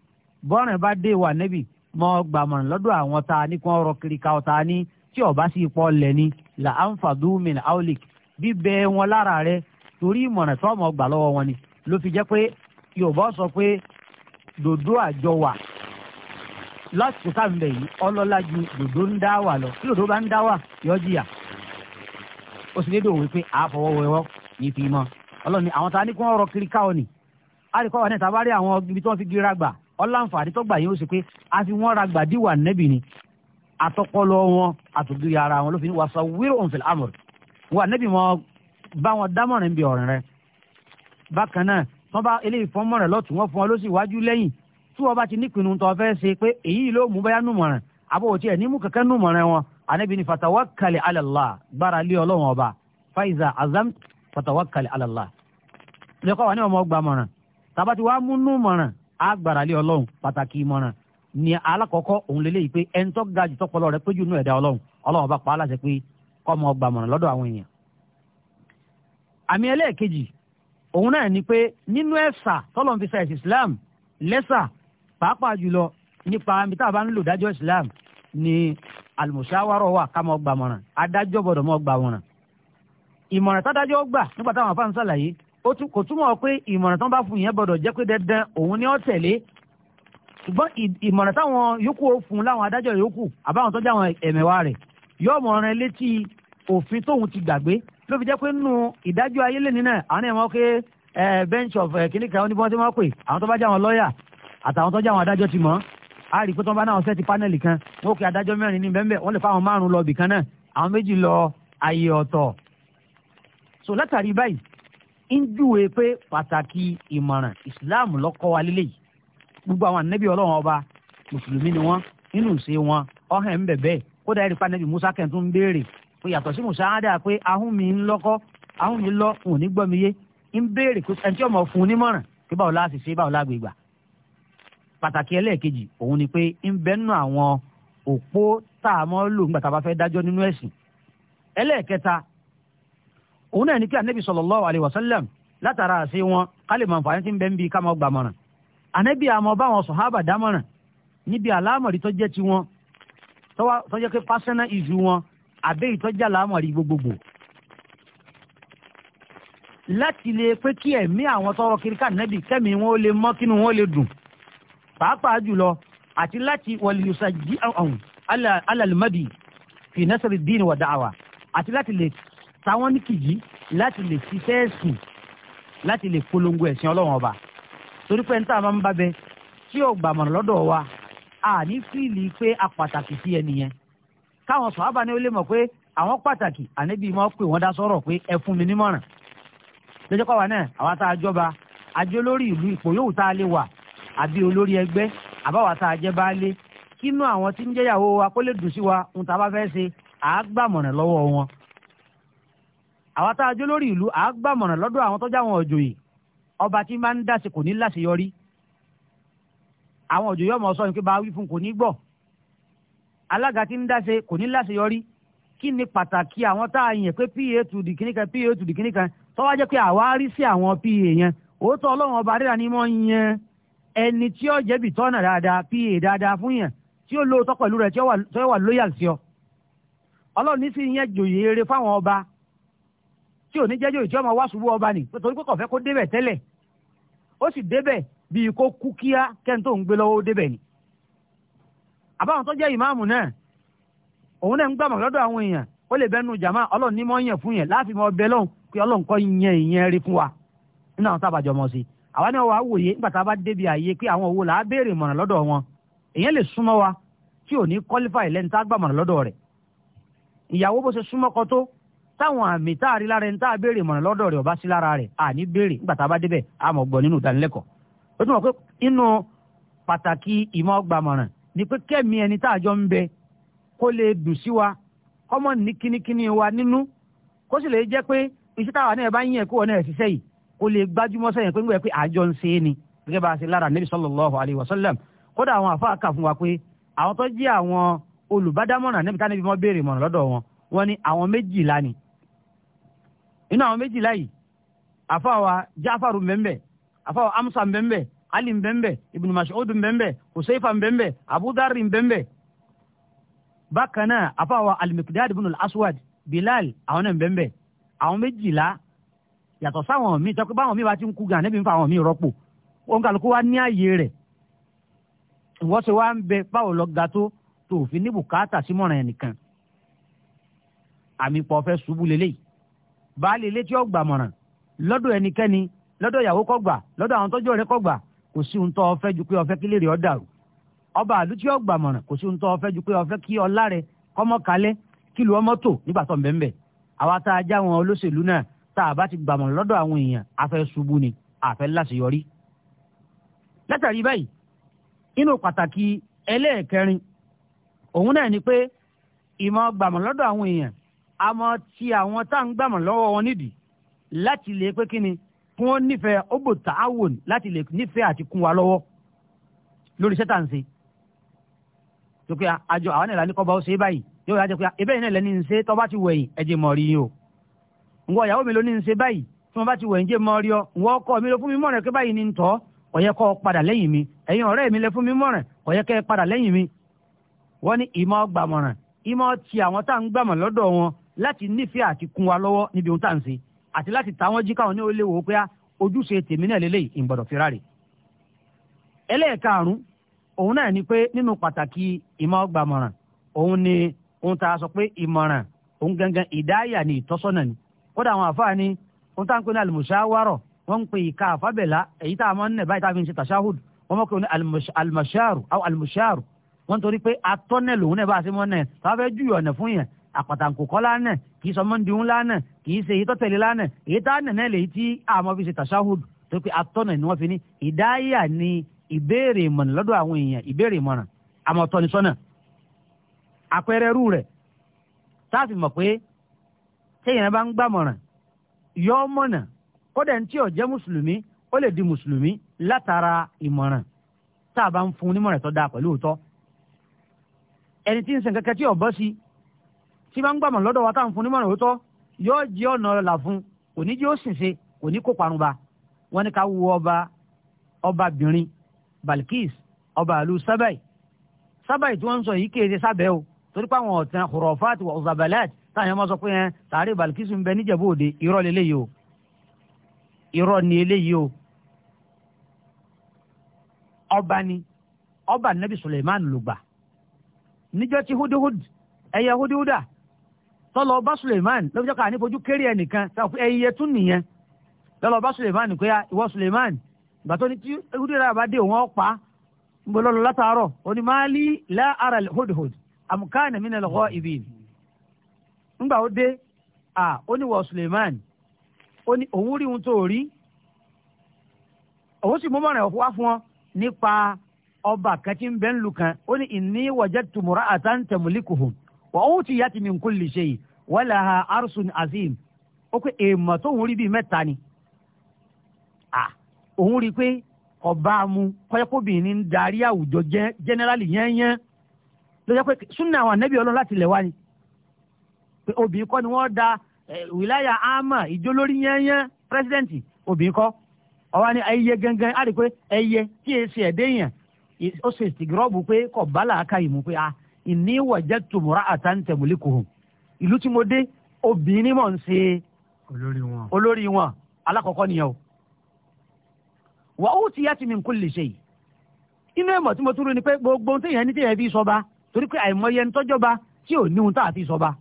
A: bọ́ọ̀rìn bá dé wa nẹ́bi mọ́ gbàmọ̀ràn lọ́dọ̀ àwọn ta ní kí wọ́n rọ kiri ka ọ̀ta ní tí ọba sì pọ̀ lẹ̀ ní la anfadumin aulik bíbẹ wọn lára rẹ torí ìmọ̀ràn tó ọmọ gbà lọ́wọ́ wọn ni ló fi jẹ́ pé Yorùbá sọ pé dòdó àjọ wà lọ́sùn káńbẹ̀ yìí ọlọ́lá ju dòdò ń dá wà lọ tí dòdò bá ń dá wà yọ jìyà ó sì ní dòwò wípé àfọwọ́wẹ́wọ́ ní fi mọ́ ọlọ́ni àwọn tá a ní kí wọ́n kiri káwọn ni àríkọ́ wà ní ìta bá rí àwọn ibi tí wọ́n fi gírí ra gbà ọláǹfààní tó gbà yín ó sì pé a fi wọ́n ra gbà díwà nẹ́bì ni àtọpọlọ wọn àtògiri ara wọn ló fi ní wàá sọ wíìrò òǹfẹ̀lẹ̀ àmọ̀rẹ̀ wà nẹ́bì wọn bá wọn dámọ̀ràn bí ọ̀rìn rẹ bákan náà wọ́n bá eléyìí fọ́n mọ̀rẹ̀ lọ́tún wọ́n fún wọn ló sì wájú lẹ́yìn tí wọ́n bá ti nípinnu tó fẹ́ ṣe pé èyí ló mú báyà nùmọ̀ràn àbò òtí ẹ̀ ní mú kẹ̀kẹ́ nùmọ̀ràn wọn ànábi ni fatawakkal ala Allah gbára lé ọlọ́run ọba faiza azam fatawakkal ala Allah lẹ́kọ̀ọ́ wa ní ọmọ ọgbà mọ̀ràn tàbá ti wá mú nùmọ̀ràn á gbára lé ọlọ́run pàtàkì mọ̀ràn ni alakọ̀kọ́ òun lélẹ́yìí pé ẹni tó ga jù tọpọlọ rẹ péjú nù ẹ̀dá ọlọ́run ọlọ́run ọba pa á láṣẹ ni pé nínú ẹ̀sà tọ́lọ́n fi sa ẹ̀sìn Islam lẹ́sà pàápàá jùlọ nípa ibi tá a bá ń lò dájọ́ islam ni àlùmọ̀ṣáwárọ̀ wà ká mọ́ gbàmọ̀ràn adájọ́ gbọ́dọ̀ mọ́ gbàmọ̀ràn ìmọ̀ràn tádájọ́ gbà nípa táwọn afáàn ṣàlàyé kò túmọ̀ pé ìmọ̀ràn tán bá fún yẹn gbọ́dọ̀ jẹ́ pé dandan òun ni ó tẹ̀lé ṣùgbọ́n ìmọ̀ràn táwọn yòókù ó fún láwọn adájọ́ yòókù àbáwọn tọ́jú àwọn ẹ̀mẹ̀wá rẹ̀ yóò mọ̀ràn létí òfin tóun ti gbàgbé ló fi jẹ́ pé nínú ìdájọ́ ayé lẹ́ni náà àwọn ẹ̀mọ́ pé eh, bench of eh, kìnìkan oníbọ́n tí wọ́n pè àwọn tó bá jẹ́ àwọn lọ́ọ̀yà àtàwọn tọ́jú àwọn adájọ́ ti mọ̀ á rí i pé tó ń bá náà sẹ́ẹ̀tì pánẹ́lì kan wọ́n pe adájọ́ mẹ́rin ní bẹ́ẹ̀ wọ́n lè fa àwọn márùn-ún lọ ibì kan náà àwọn méjì lọ àyè ọ̀tọ̀ so látàrí báyìí ń júwe pé pàtàkì ìmọ̀ràn ìsìláàmù lọ́kọ́ wa lélẹ́yìí gbogbo àwọn ànábì ọlọ́run ọba mùsùlùmí ni wọ́n nínú ìṣe wọn ọ̀hẹ́ ń bẹ̀bẹ̀ kódà ẹ̀rí pàdánù musa kẹ́ntún ń béèrè pé yàtọ̀ sí musa ádà pé ahun mi ń lọ́kọ́ ahun mi lọ́ òun ní gbọ́ mi yé ń béèrè pé ẹni ọmọ fún un nímọ̀ràn pé báwo la ṣe ṣe báwo la gbé gbà pàtàkì ẹlẹ́ẹ̀kejì òun ni pé ń bẹ nínú àwọn òpó tá a mọ́ lò nígbà tá a bá fẹ́ dájọ́ nínú ẹ̀sìn ẹlẹ́ẹ̀kẹta òun náà ni pé anabi sallallahu alaihi wasallam látara àṣẹ wọn kálí mọ̀ nǹkan tí ń bẹ ń bi ká mọ́ gbàmọ̀ràn anabi àmọ́ bá wọn sọ̀hábà dámọ̀ràn níbi àlámọ̀rí tó jẹ́ ti wọn tó jẹ́ pé pásánà ìṣù wọn àbẹ́ ìtọ́jà àlámọ̀rí gbogbogbò láti lè pé kí ẹ̀mí àwọn tọrọ kiri ká pàápàá jùlọ àti láti wàlíyùsà jí ọ̀hún alàlùmọ́bì fi nasiri dín wà dáhàwà àti láti lè táwọn ní kìjì láti lè ṣiṣẹ́ ẹ̀sìn láti lè polongo ẹ̀sìn ọlọ́run ọba torí pé níta máa ń bá bẹ tí ò gbàmọ̀ràn lọ́dọ̀ wa a ní fíìlì pé a pàtàkì sí ẹni yẹn káwọn sọ̀hábà ni ó lè mọ̀ pé àwọn pàtàkì ànábì máa pè wọ́n dá sọ̀rọ̀ pé ẹ fún mi nímọ̀ràn lójú náà àwa tá a jọba àjọ lórí ìlú ipò yòówù tá a lè wà àbí olórí ẹgbẹ́ àbáwá tá a jẹ́ baálé kínú àwọn tí ń jẹ́yàwó wa kó lè dùn sí wa ń ta bá fẹ́ ṣe àágbàmọ̀ràn lọ́wọ́ wọn àwa tá a jó lórí ìlú àágbàmọ̀ràn lọ́dọ̀ àwọn tọ́jú àwọn òjòyè ọba tí máa ń dàsí kò ní láṣeyọrí àwọn òjòyè ọmọ sọ pé bá wí fún kò ní gbọ́ alága tí ń dàsí kò ní láṣeyọrí kí ni pàtàkì àwọn tá a yàn pé pa tù dì kíníkan pa tù dì kíníkan tọ́wọ́ jẹ́ pé àwa rí sí àwọn pa yẹn òótọ́ ọlọ́run ọba rírà ni wọ́n yan ẹni tí ó jẹ́bi tọ́nà dáadáa pa dáadáa fún yàn tí ó lóòótọ́ pẹ̀lú rẹ̀ tí ó wà lóyàl sí ọ ọlọ́run ní sí yẹn jòyè eré fáwọn ọba tí ò ní jẹ́jọ́ ọ ọmọ wá ṣubú ọba nì torí pé kò kó débẹ̀ tẹ́lẹ̀ ó sì débẹ̀ bíi kó kú kíá kẹ́ni tó ń gbé débẹ̀ ni àbáwọn tó jẹ́ ìmáàmù náà òun náà ń wa nínú àwọn àwa náà wàá wòye nígbà tá a bá débi àyè pé àwọn òwò là á béèrè mọ̀nà lọ́dọ̀ wọn èèyàn lè súnmọ́ wa tí ò ní qualify lẹ́ni tá a gbà mọ̀nà lọ́dọ̀ rẹ̀ ìyàwó bó ṣe súnmọ́ kọ tó táwọn àmì tá a rí lára ẹni tá a béèrè mọ̀nà lọ́dọ̀ rẹ̀ ọba sí lára rẹ̀ à ní béèrè nígbà tá a bá débẹ̀ a mọ̀ gbọ́ nínú ìdánilẹ́kọ̀ọ́ ó tún mọ̀ pé inú pàtàkì ìmọ̀ ni pé kẹ́mi ẹni tá a jọ ń bẹ kó ó lè gbájúmọ́ sẹ́yìn pé ń gbẹ́ pé àjọ ń ṣe é ni gẹ́gẹ́ bá a ṣe lára nabi sallallahu alayhi wa sallam kódà àwọn àfa kà fún wa pé àwọn tó jẹ́ àwọn olùbádámọ̀ràn níbi táwọn ibi béèrè mọ̀ràn lọ́dọ̀ wọn wọn ni àwọn méjìlá ni inú àwọn méjìlá yìí àfa wa jáfàrú mbẹ́mbẹ́ àfa wa amsa mbẹ́mbẹ́ ali mbẹ́mbẹ́ ibn mas'ud mbẹ́mbẹ́ husayfa mbẹ́mbẹ́ abudari mbẹ́mbẹ́ bákan náà àfa wa al-miqdad aswad bilal àwọn náà mbẹ́mbẹ́ àwọn méjìlá yàtọ̀ sáwọn míì tọ́kọ báwọn míì bá ti ń kú gan níbi ń fa àwọn míì rọ́pò òun kàlùkù wá ní ààyè rẹ̀ ìwọ́n ṣe wá ń bẹ báwo lọ ga tó tó òfin ní bùkátà símọ̀ràn ẹnìkan àmì pọ̀ fẹ́ ṣubú lélẹ́yìí baálé ilé tí ó gbà mọ̀ràn lọ́dọ̀ ẹnikẹ́ni lọ́dọ̀ ìyàwó kọ́ gbà lọ́dọ̀ àwọn tọ́jú ọ̀rẹ́ kọ́ gbà kò sí ohun tó ọ fẹ́ ju pé ọ fẹ́ kí lèrè ọ dàrú ọba àlú tí ó gbà mọ̀ràn kò sí ohun tó ọ fẹ́ ju pé ọ kí ọlá rẹ kọ́mọ kí lu ọmọ nígbà tó ń bẹ́ẹ̀ àwa tá a já wọn olóṣèlú náà tá a bá ti gbàmọ̀ lọ́dọ̀ àwọn èèyàn afẹ́ ṣubú ni àfẹ́ láṣeyọrí. látàrí báyìí inú pàtàkì ẹlẹ́ẹ̀kẹrin òun náà ni pé ìmọ̀ gbàmọ̀ lọ́dọ̀ àwọn èèyàn àmọ́ ti àwọn tá à ń gbàmọ̀ lọ́wọ́ wọn nídìí láti lè pé kíni kún ó nífẹ̀ẹ́ ó bò tá a wò láti lè nífẹ̀ẹ́ àti kún wa lọ́wọ́ lórí iṣẹ́ tá à ń ṣe. tó pé àjọ àwọn ìlànà kọ́ bá ó ṣe báyìí yóò yá jẹ́ pé ebéyìí náà lẹ́ni ń ṣe tọ́ bá ti wẹ̀yìn ẹ̀jẹ̀ mọ̀ rí yín o ńgbọ́ ìyàwó mi ló ní ń ṣe báyìí tí wọ́n bá ti wẹ̀ ń jẹ́ mọ́ rí ọ ńwọ́ ọkọ mi ló fún mi mọ̀ràn pé báyìí ni ń tọ́ ọ̀yẹ́ kọ́ padà lẹ́yìn mi ẹ̀yin ọ̀rẹ́ mi lẹ fún mi mọ̀ràn ọ̀yẹ́ kẹ́ padà lẹ́yìn mi. wọ́n ní ìmọ̀ gbàmọ̀ràn ìmọ̀ ti àwọn tá à ń gbàmọ̀ lọ́dọ̀ wọn láti nífẹ̀ẹ́ àti kún wa lọ́wọ́ níbi ohun tá à ń ṣe àti láti ta wọ́n jí káwọn ní ó léwo pé ojúṣe tèmi náà lélẹ́yìí ìgbọ̀dọ̀ fi ráre. ẹlẹ́ẹ̀karùn-ún òun náà ni pé nínú pàtàkì ìmọ̀ gbàmọ̀ràn òun ni ohun tá a sọ pé ìmọ̀ràn òun gangan ìdáyà ni ìtọ́sọ́nà ni kódà àwọn àfáà ni wọ́n tá ń pè ní alimusawaro wọ́n ń pè ìka àfábẹ̀lá èyí tá a mọ̀ nínú ẹ̀ báyìí tá a fi ń ṣe tashahud wọ́n mọ̀ pé ní alimusaru aw alimusaru wọ́n torí pé atọ́nẹ̀ lòun náà bá a ṣe mọ́ náà tá a fẹ́ júyọ̀ ọ̀nà fún yẹn àpàtàǹkò kọ́ lánàá kì í sọmọ́ ndíhun lánàá kì í ṣe èyí tọ́tẹ̀lé lánàá èyí tá a nà náà lèyí tí àmọ́ fi ṣe tashahud torí pé atọ́nẹ̀ ni wọ́n fi ní ìdáyà ni ìbéèrè ìmọ̀ràn àmọ́ téèyàn bá ń gbàmọ̀ràn yọ mọ̀nà kódà ní tí ò jẹ́ mùsùlùmí ó lè di mùsùlùmí látara ìmọ̀ràn tá a bá ń fún un nímọ̀ràn tó dáa pẹ̀lú òótọ́ ẹni tí ń sìn kẹ́kẹ́ tí ò bọ́ sí tí bá ń gbàmọ̀ràn lọ́dọ̀ wa tá à ń fún nímọ̀ràn òótọ́ yóò jẹ́ ọ̀nà ọ̀la fún kò ní jẹ́ ó sìn ṣe kò ní kó parun ba wọ́n ní ká wo ọba ọbabìnrin Balkis ọba àlù sábàì sábàì tí wọ́n ń sọ yìí kéde sábẹ́ o torí wa ọ̀zàbàlẹ́t táyà máa sọ pé yẹn sàárè balikisu ń bẹ níjẹ̀bú òde irọ́ leléyìí o irọ́ ni eléyìí o ọba ni ọba nabi suleiman ló gbà níjọ́ tí hudhud ẹ̀yẹ hudhuda tọ́lọ ọba suleiman lọ́jọ́ ká ní fojú kéré ẹnìkan ẹ̀yẹ tún nìyẹn lọ́lọ́ ọba suleiman pé ìwọ suleiman ìgbà tó ní tí hudhuda bá dé òun ọ̀pá ń bọ́ lọ́lọ́ látàárọ̀ onímọ̀álí láàárọ̀ hudhud àmukánà mí nà lọ́kọ́ ìbí ńgbà ó dé à ó ní wọ Suleiman ó ní òun rí ohun tó rí òun sì mú mọ̀ràn wá fún ọ nípa ọba kan tí ń bẹ́ ń lu kan ó ní inni wajadtu mura'atan tamlikuhum wa utiyat min kulli shay wa laha arsun azim ó pé èèmọ̀ tóun rí bíi mẹ́ta ni à òun rí i pé ọba mu kọ́yẹ́kọ́bìnrin ń darí àwùjọ jẹ́ jẹ́nẹ́rálì yẹ́nyẹ́ ló pé súnà àwọn ànábì láti lẹ̀ wá ni pé obìnrin kọ́ ni wọ́n da wilaya ama ìjólórí yẹ́nyẹ́ pírẹsidẹ́ǹtì obìnrin kọ́ ọwọ́ ni ẹyẹ gangan á rí i pé ẹyẹ kí èsì ẹ̀dẹ́yìn ó sì tìgírọ́ọ̀bù pé kọ̀ bá làákà yìí mú pé a ìní wọ̀jẹ́ tòmùrà àtàǹtẹ̀mùlì kò hùn ìlú tí mo dé obìnrin mọ̀ ń ṣe olórí wọn alákọ̀ọ́kọ́ nìyẹn o wà ó ti yá ti mi kó lè ṣe yìí inú ẹ̀mọ̀ tí mo tún ni pé gbogbo ohun téèyàn ní téèyàn fi sọba torí pé àìmọye ń tọ́jọba tí ò ní tá a fi sọba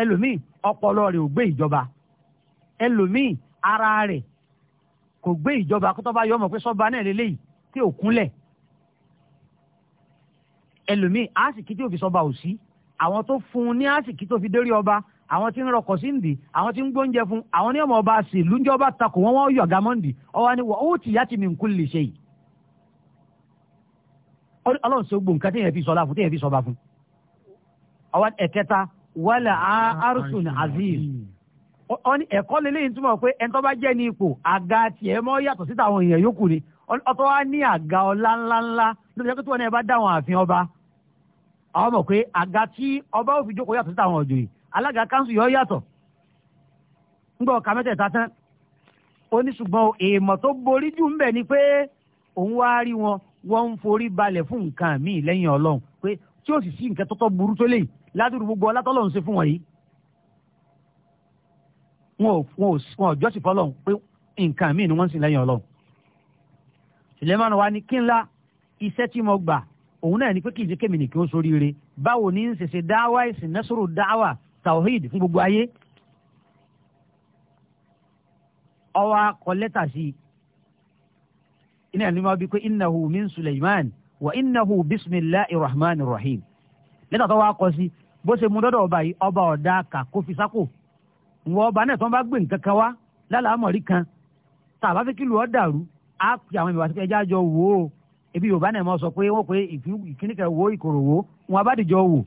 A: ẹlòmíì ọpọlọ rẹ̀ ò gbé ìjọba ẹlòmíì ara rẹ̀ kò gbé ìjọba kótó bá yọ ọmọ pé sọ́ba náà lélẹ́yìí tí ò kúnlẹ̀ ẹlòmíì àásìkí tí òfin sọ́ba ò sí àwọn tó fún un ní àásìkí tó fi dérí ọba àwọn tí ń rọkọ̀ sí ndì àwọn tí ń gbóúnjẹ fún àwọn ní ọmọ ọba sì lúńjọba takò wọn wọn yọ àgámọ́ndì ọwọ́ ni wọ́n ó tì yá ti mi nkú lè ṣe yìí ọlọ́run ṣe gbòǹkà tí yẹn fi sọ́lá fún tí yẹn fi sọ́ba fún ọwọ́ ẹ̀kẹta wàlà arsun aziz ọni ẹ̀kọ́ lélẹ́yìn túmọ̀ pé ẹni tó bá jẹ́ ní ipò àga tiẹ̀ mọ́ yàtọ̀ síta àwọn èèyàn yòókù ni ọtọ́ wa ní àga ọlá ńláńlá ló jẹ́ pé tí wọ́n náà bá dá àwọn ààfin ọba àwọn mọ̀ pé àga tí ọba ò fi jókòó yàtọ̀ síta àwọn ọ̀jọ̀yìn alága kanṣu yọ yàtọ̀ ńgbọ́ ọ̀ka mẹ́tẹ̀ẹ̀ta tán oníṣùgbọ́n èèmọ̀ tó borí jù ń bẹ̀ ni pé òun wá rí wọn wọ́n ń forí balẹ̀ fún nǹkan míì lẹ́yìn ọlọ́run pé tí ó sì ládùúgbò gbogbo ọlátọ́lọ́ ń ṣe fún wọn yìí wọn ò wọn ò wọn ò jọ́sìn fọlọ́hún pé nǹkan míì ni wọ́n ń sìn lẹ́yìn ọlọ́run Sulemanu wa ni kí n la iṣẹ́ tí mo gbà òun náà ni pé kì í ṣe kémi nìkan ó soríire báwo ni ń ṣèṣe dáwà ìsìn nẹ́sọ̀rọ̀ dáwà tawhid fún gbogbo ayé ọwọ́ akọ lẹ́tà sí i iná ẹni máa bí pé innahu min Suleiman wa innahu bisimilahi rahman rahim lẹ́tà tó wá kọ sí bó ṣe mú dọ́dọ̀ ọba yìí ọba ọ̀dà kà kó fi sákò ìwọ ọba náà tó ń bá gbé nǹkan kan wá lálàámọ̀rí kan tàbá fẹ́ kí lu ọ́ dàrú á pe àwọn ìwà wò ó ebi yorùbá náà sọ pé wo ìkòrò wo wọn dìjọ wò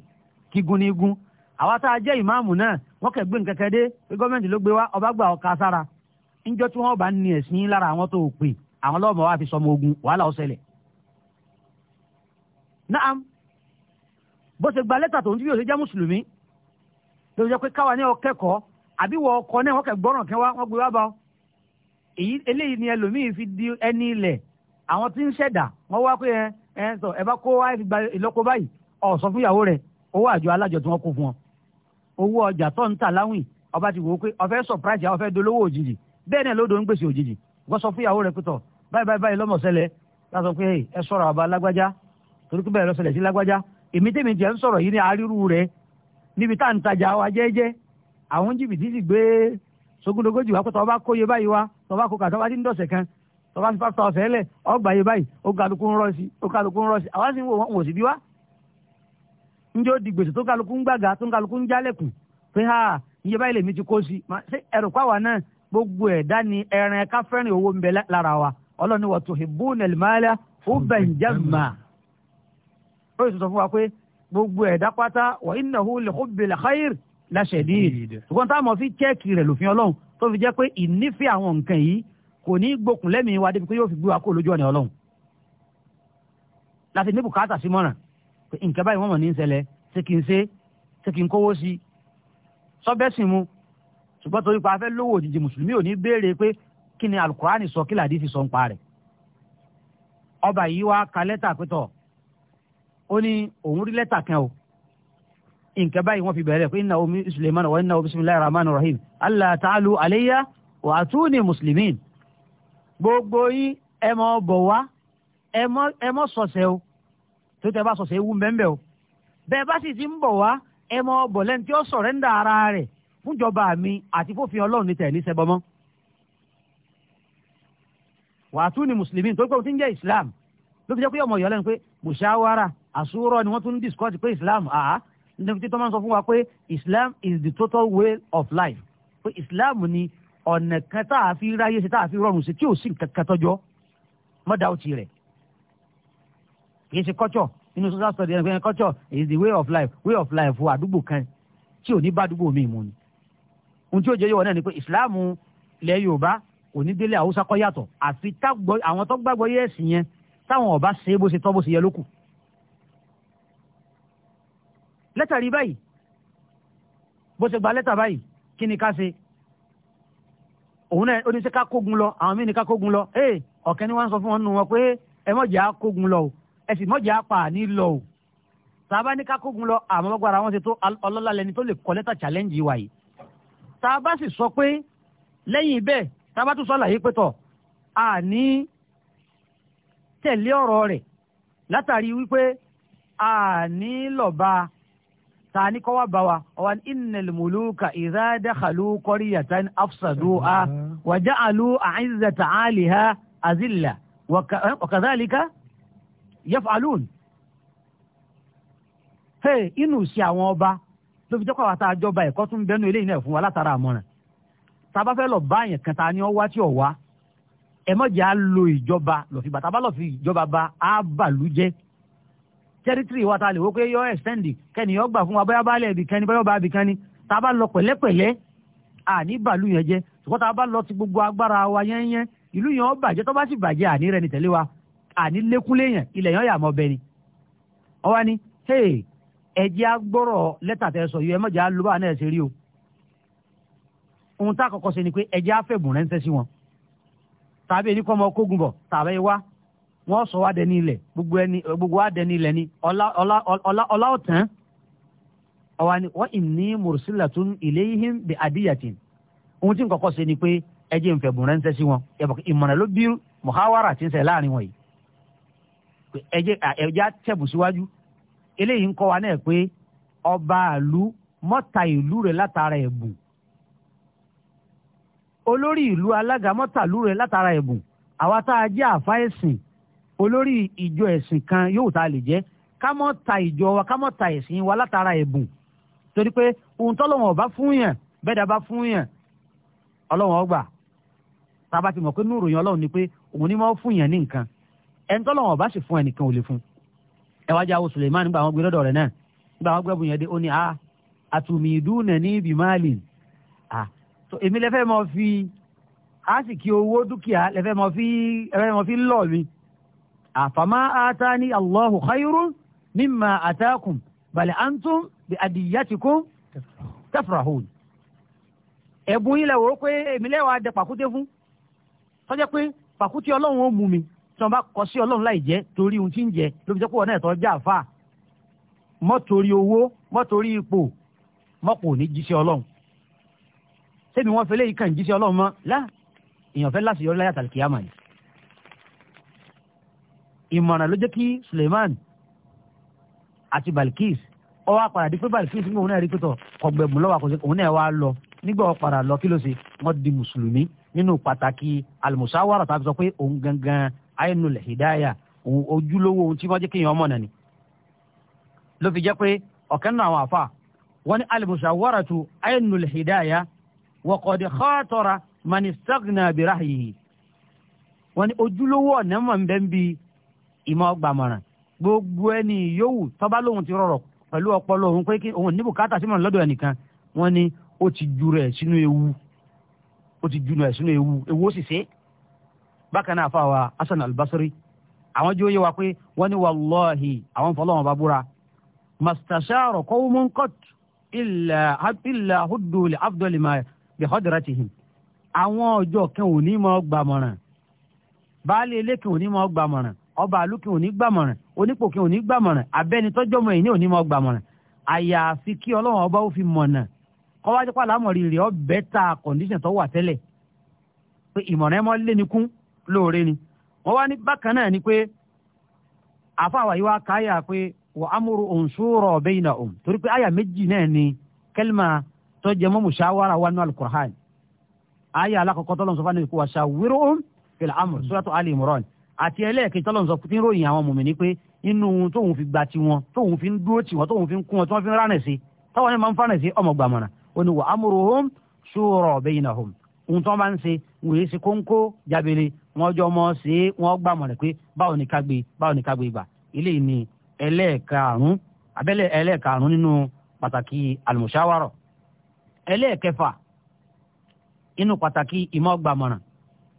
A: kígun ní igun àwa tá a jẹ́ ìmáàmù náà wọ́n kẹ̀ gbé nǹkan kan dé pé gọ́ọ̀mẹ̀ntì ló gbé wá ọba bó ṣe gba lẹ́tà tó ń tí yóò ṣe jẹ́ mùsùlùmí ló jẹ́ pé káwa ní ọkẹ́kọ̀ọ́ àbí wọ ọkọ náà wọ́n kẹ́ gbọ́ràn kẹ́wà wọ́n gbé wá bá èyí eléyìí ni ẹlòmíì fi di ẹni ilẹ̀ àwọn tí ń ṣẹ̀dá wọ́n wá pé ẹ sọ ẹ bá kó wá fi gba ìlọ́kọ báyìí ọ̀ sọ fún ìyàwó rẹ̀ owó àjọ alájọ tí wọ́n kó fún ọ owó ọjà tó ń tà láwìn ọba ti wò ó pé ọfẹ́ surprise ọfẹ́ dolówó òjijì bẹ́ẹ̀ náà lódò ń gbèsè òjijì wọ́n sọ fún ìyàwó rẹ̀ pẹ̀tọ̀ báyìí báyìí báyìí lọ́mọ̀ọ́sẹ̀lẹ̀ láti sọ èmi tèmi jẹ́ ń sọ̀rọ̀ yìí ní arírú rẹ̀ níbi tá à ń tajà wa jẹ́ẹ́jẹ́ àwọn jìbìtì sì gbé sógúndógójì wa pé tọ́ bá kóye báyìí wa tọ́ bá kan tọ́ bá ti fà tọ́ ọ̀sẹ̀ ọgbà yìí báyìí ó kálukú ń rọ́ sí ó kálukú ń rọ́ sí àwa sì ń wò sí bí ó di gbèsè tó kálukú gbogbo ẹran ẹ̀ká fẹ́ràn owó ń bẹ lára ó sì sọ fún wa pé gbogbo ẹ̀dá pátá wa innahu li hubbil khair la shadid ṣùgbọ́n táwọn ọmọ fi chẹ́ẹ̀kì rẹ̀ lòfin ọlọ́run tó fi jẹ́ pé ìnífẹ̀ẹ́ àwọn nǹkan yìí kò ní gbókun lẹ́mìí wa débi pé yóò fi gbé wa kó lójú ọ̀nà ọlọ́run láti ní bùkátà sí mọ́ràn pé nǹkan báyìí wọ́n mọ̀ ní ń ṣẹlẹ̀ ṣé kí n ṣe ṣé kí n kówó sí i sọ́bẹ̀sìn mu ṣùgbọ́n torí pa afẹ́ lówó òjijì mùsùlùmí ò ní béèrè pé kí ni alukurani sọ kí làdí fi sọ ń pa ọba yìí wá ka lẹ́tà pẹ́tọ̀ ó ní òun rí lẹ́tà kan o nǹkan báyìí wọ́n fi bẹ̀rẹ̀ pé inna omi suleiman wa inna rahman rahim allah ta'alu alayya wa atuni muslimin gbogbo yín ẹ mọ bọ̀ wá ẹ mọ sọ̀sẹ̀ o tó tẹ bá sọ̀sẹ̀ ewu mbẹ́mbẹ́ o bẹ́ẹ̀ bá sì ti ń bọ̀ wá ẹ mọ bọ̀ lẹ́ni tí ó sọ̀rẹ́ńdà ara rẹ̀ fúnjọba mi àti fófin ọlọ́run ní tẹ̀lé sẹ́bọmọ́ wa atuni muslimin tó ti ń islam ló fi jẹ́ pé ọmọ àsúrọ̀ ni wọ́n tún ń discuss pé islam ah, nítorí tí tọ́mọ́ sọ fún wa pé islam is the total way of life pé islam ni ọ̀nà kan tá a fi ráyè sí tá a fi rọrùn sí tí ò sí nǹkan kan tọ́jọ́ mọ́dà ó ti rẹ̀ kì í ṣe culture nínú social studies ẹnìkan culture is the way of life way of life fún àdúgbò kan tí ò ní bá àdúgbò mi mu ni ohun tí ó jẹ́ yọ̀wọ́ náà ni pé islam ilẹ̀ yorùbá kò ní délé haúsá kọ́ yàtọ̀ àfi táwọn tó gbàgbọ́ yẹ́sì yẹn táwọn ọba ṣe é bó ṣe tọ́ bó ṣe yẹ lókù lẹ́tà rí báyìí bó ṣe gba lẹ́tà báyìí kí ni ká ṣe òun náà oníṣẹ́ ká kógun lọ àwọn míì ní ká kógun lọ ee ọ̀kẹ́ ni wọ́n ń sọ fún wọn nù wọn pé ẹ mọ̀jẹ̀ á kógun lọ o ẹ sì mọ̀jẹ̀ á pa àní lọ o tàbá ní ká kógun lọ àmọ́ bá gbára wọn ṣe tó ọlọ́lá lẹni tó lè kọ́ lẹ́tà challenge wa yìí tàbá sì sọ pé lẹ́yìn bẹ́ẹ̀ tàbá tún sọ àlàyé pé tọ̀ àní tẹ̀lé ọ̀rọ̀ rẹ̀ látàrí wípé àní lọ́ba ta ni kọ́ wá bá wa ọ̀wá innal muluka idha dakhalu qaryatan afsaduha wa ja'alu a'izzata 'aliha azilla wa eh, kadhalika yaf'alun. hey inú sí àwọn ọba ló fi jọ́kọ̀ àtà àjọba ẹ̀kọ́ tún bẹnu eléyìí náà fún wa látara àmọ́ràn tá a bá fẹ́ lọ bá kan ta ni ọ wá tí ò wá ẹ mọ̀jà á lo ìjọba lọ́fìgbà tá a bá lọ́ọ́ fi ìjọba ba á bàlú jẹ́ tẹ́rítírì wa ta lè wo pé yọ ẹ̀sẹ̀ndì kẹ́ni yọ gbà fún wa bóyá bá lẹ̀ ibì kẹ́ni bóyá bá ibì kẹ́ni tá a bá lọ pẹ̀lẹ́pẹ̀lẹ́ àní bàlú yẹn jẹ ṣùgbọ́n tá a bá lọ ti gbogbo agbára wa yẹ́nyẹ́ ìlú yẹn ó bàjẹ́ tó bá sì bàjẹ́ àní rẹ ni tẹ̀lé wa àní lékúnlé yẹn ilẹ̀ yẹn yà mọ́ bẹ ni. ọwọ́ ni hey ẹ̀jẹ̀ agbọ́rọ̀ lẹ́tà tẹ sọ yìí ẹ mọ̀jà ló bá náà ṣe rí o. ohun tá a kọ́kọ́ ṣe ni pé ẹ̀jẹ̀ afẹ́bùn rẹ̀ ń tẹ́ sí wọn. tàbí ẹni kọ́ ọmọ kógun bọ̀ tàbí wá wọ́n sọ wá dẹni gbogbo ẹni gbogbo ni ọlá ọlá ọlá ọlá ọ̀tán ọ̀wá ni wọ́n ìní mùrùsílàtún ilayhim bi àdíyàtìn ohun tí n kọ́kọ́ ṣe ni pé ẹ jẹ́ nfẹ̀ bùn rẹ́ńsẹ́ sí wọn ìmọ̀ràn ló bí muhawara ti ń láàrin wọn yìí àtẹ̀bù síwájú wa náà pé ọba àlú mọ́ta ìlú rẹ̀ látara ẹ̀bùn olórí ìlú alága mọ́ta ìlú rẹ̀ látara ẹ̀bùn àwa olórí ìjọ ẹ̀sìn kan yóò tá a lè jẹ́ ká mọ́ ta ìjọ wa ká mọ́ ta ẹ̀sìn wa látara ẹ̀bùn torí pé ohun tọ́lọ́wọ̀n ọba fún yàn bẹ́ẹ̀dá bá fún yàn ọlọ́wọ̀n ọgbà tá a bá ti mọ̀ pé núùrù yẹn ọlọ́run ni pé òun ni máa fún yàn ní nǹkan ẹni tọ́lọ́wọ̀n ọba sì fún ẹnìkan ò lè fún ẹ wájà wo Suleiman nígbà wọn gbé lọ́dọ̀ rẹ̀ náà nígbà wọn gbẹ́bùn yẹn dé ó ní a àtùmídùnà ní bìmáàlì èmi lẹ́fẹ̀ẹ́ mọ́ fi a sì kí owó dúkìá lẹ́fẹ̀ẹ́ mọ́ fi lọ́ọ̀ mi afama atani allahu khairun mimma atakum bal antum biadiyatikum tafrahun ebun ile wo pe emi le wa de pakute fun so je pe pakute olohun o mu mi so ba ko si olohun lai je tori un tin je lo je na to ja fa mo tori owo mo tori ipo mo ko ni jise olohun se mi won fe le yi kan jise olohun mo la iyan fe lati yo la ìmọ̀ràn ló jẹ́ kí Suleiman àti Balkis ó wá padà di pé Balkis ní òun náà rí pé tọ̀ ọgbẹ̀bùn lọ́wọ́ àkọsí òun náà wá lọ nígbà wọn padà lọ kí ló ṣe wọn di mùsùlùmí nínú pàtàkì alimusawara tàbí sọ pé òun gangan ainul hidaya òun ojúlówó ohun tí wọ́n jẹ́ kéèyàn ọmọ nàní ló fi jẹ́ pé ọ̀kan náà àwọn àfa wọ́n ní alimusawaratu ainul hidaya wa qad khatara man istaghna bi rahyihi wọ́n ojúlówó ọ̀nà mọ̀ ìmọ̀ ọgbàmọ̀ràn gbogbo ẹni yòówù tọ́ba lòun ti rọrọ̀ pẹ̀lú ọpọlọ òun pé kí òun ní bùkátà símọ̀ lọ́dọ̀ ẹnìkan wọ́n ní ó ti ju rẹ̀ sínú ewu ó ti ju rẹ̀ sínú ewu ewu ó sì ṣe bákan náà fáwa Hasan al-Basri àwọn jóye wa pé wọ́n ní wàllọ́hì àwọn fọlọ́wọn bá búra mastashaaro qawmun qat illa hudu li afdol ma bi hadratihim àwọn ọjọ́ kan ò ní mọ́ gbàmọ̀ràn baálé ilé kan ò ní mọ́ gbàmọ̀ràn ọba àlùkì òní gbàmọ̀ràn onípòkì òní gbàmọ̀ràn abẹ́ni tọ́jọ́ mọ̀ ẹ̀yìn òní mọ̀ gbàmọ̀ràn àyàfi kí ọlọ́run ọba ó fi mọ̀nà kọ́wájú pàlámọ̀rì rẹ̀ ọ bẹ́ta condition tó wà tẹ́lẹ̀ pé ìmọ̀ràn ẹmọ lé ní kún lóore ni wọ́n wá ní bákan náà ni pé àfàwà yìí wá káyà pé wọ́n amúru òǹṣúrọ̀ ọ̀bẹ́ yìí náà òun torí pé àyà méjì àti ẹlẹ́ẹ̀kejì tọ́lọ́ sọ tí ń àwọn mùmìnì pé inú tóun fi gba tiwọn tóun fi ń dúró tiwọn tóun fi ń kún wọn tí wọ́n fi ń ránà sí táwọn yẹn máa ń fánà sí ọmọ gbàmọ̀nà ó ní ohun tí wọ́n bá ń ṣe wọ́n jọ mọ́ wọ́n gbàmọ̀nà pé báwo ni báwo ni gbà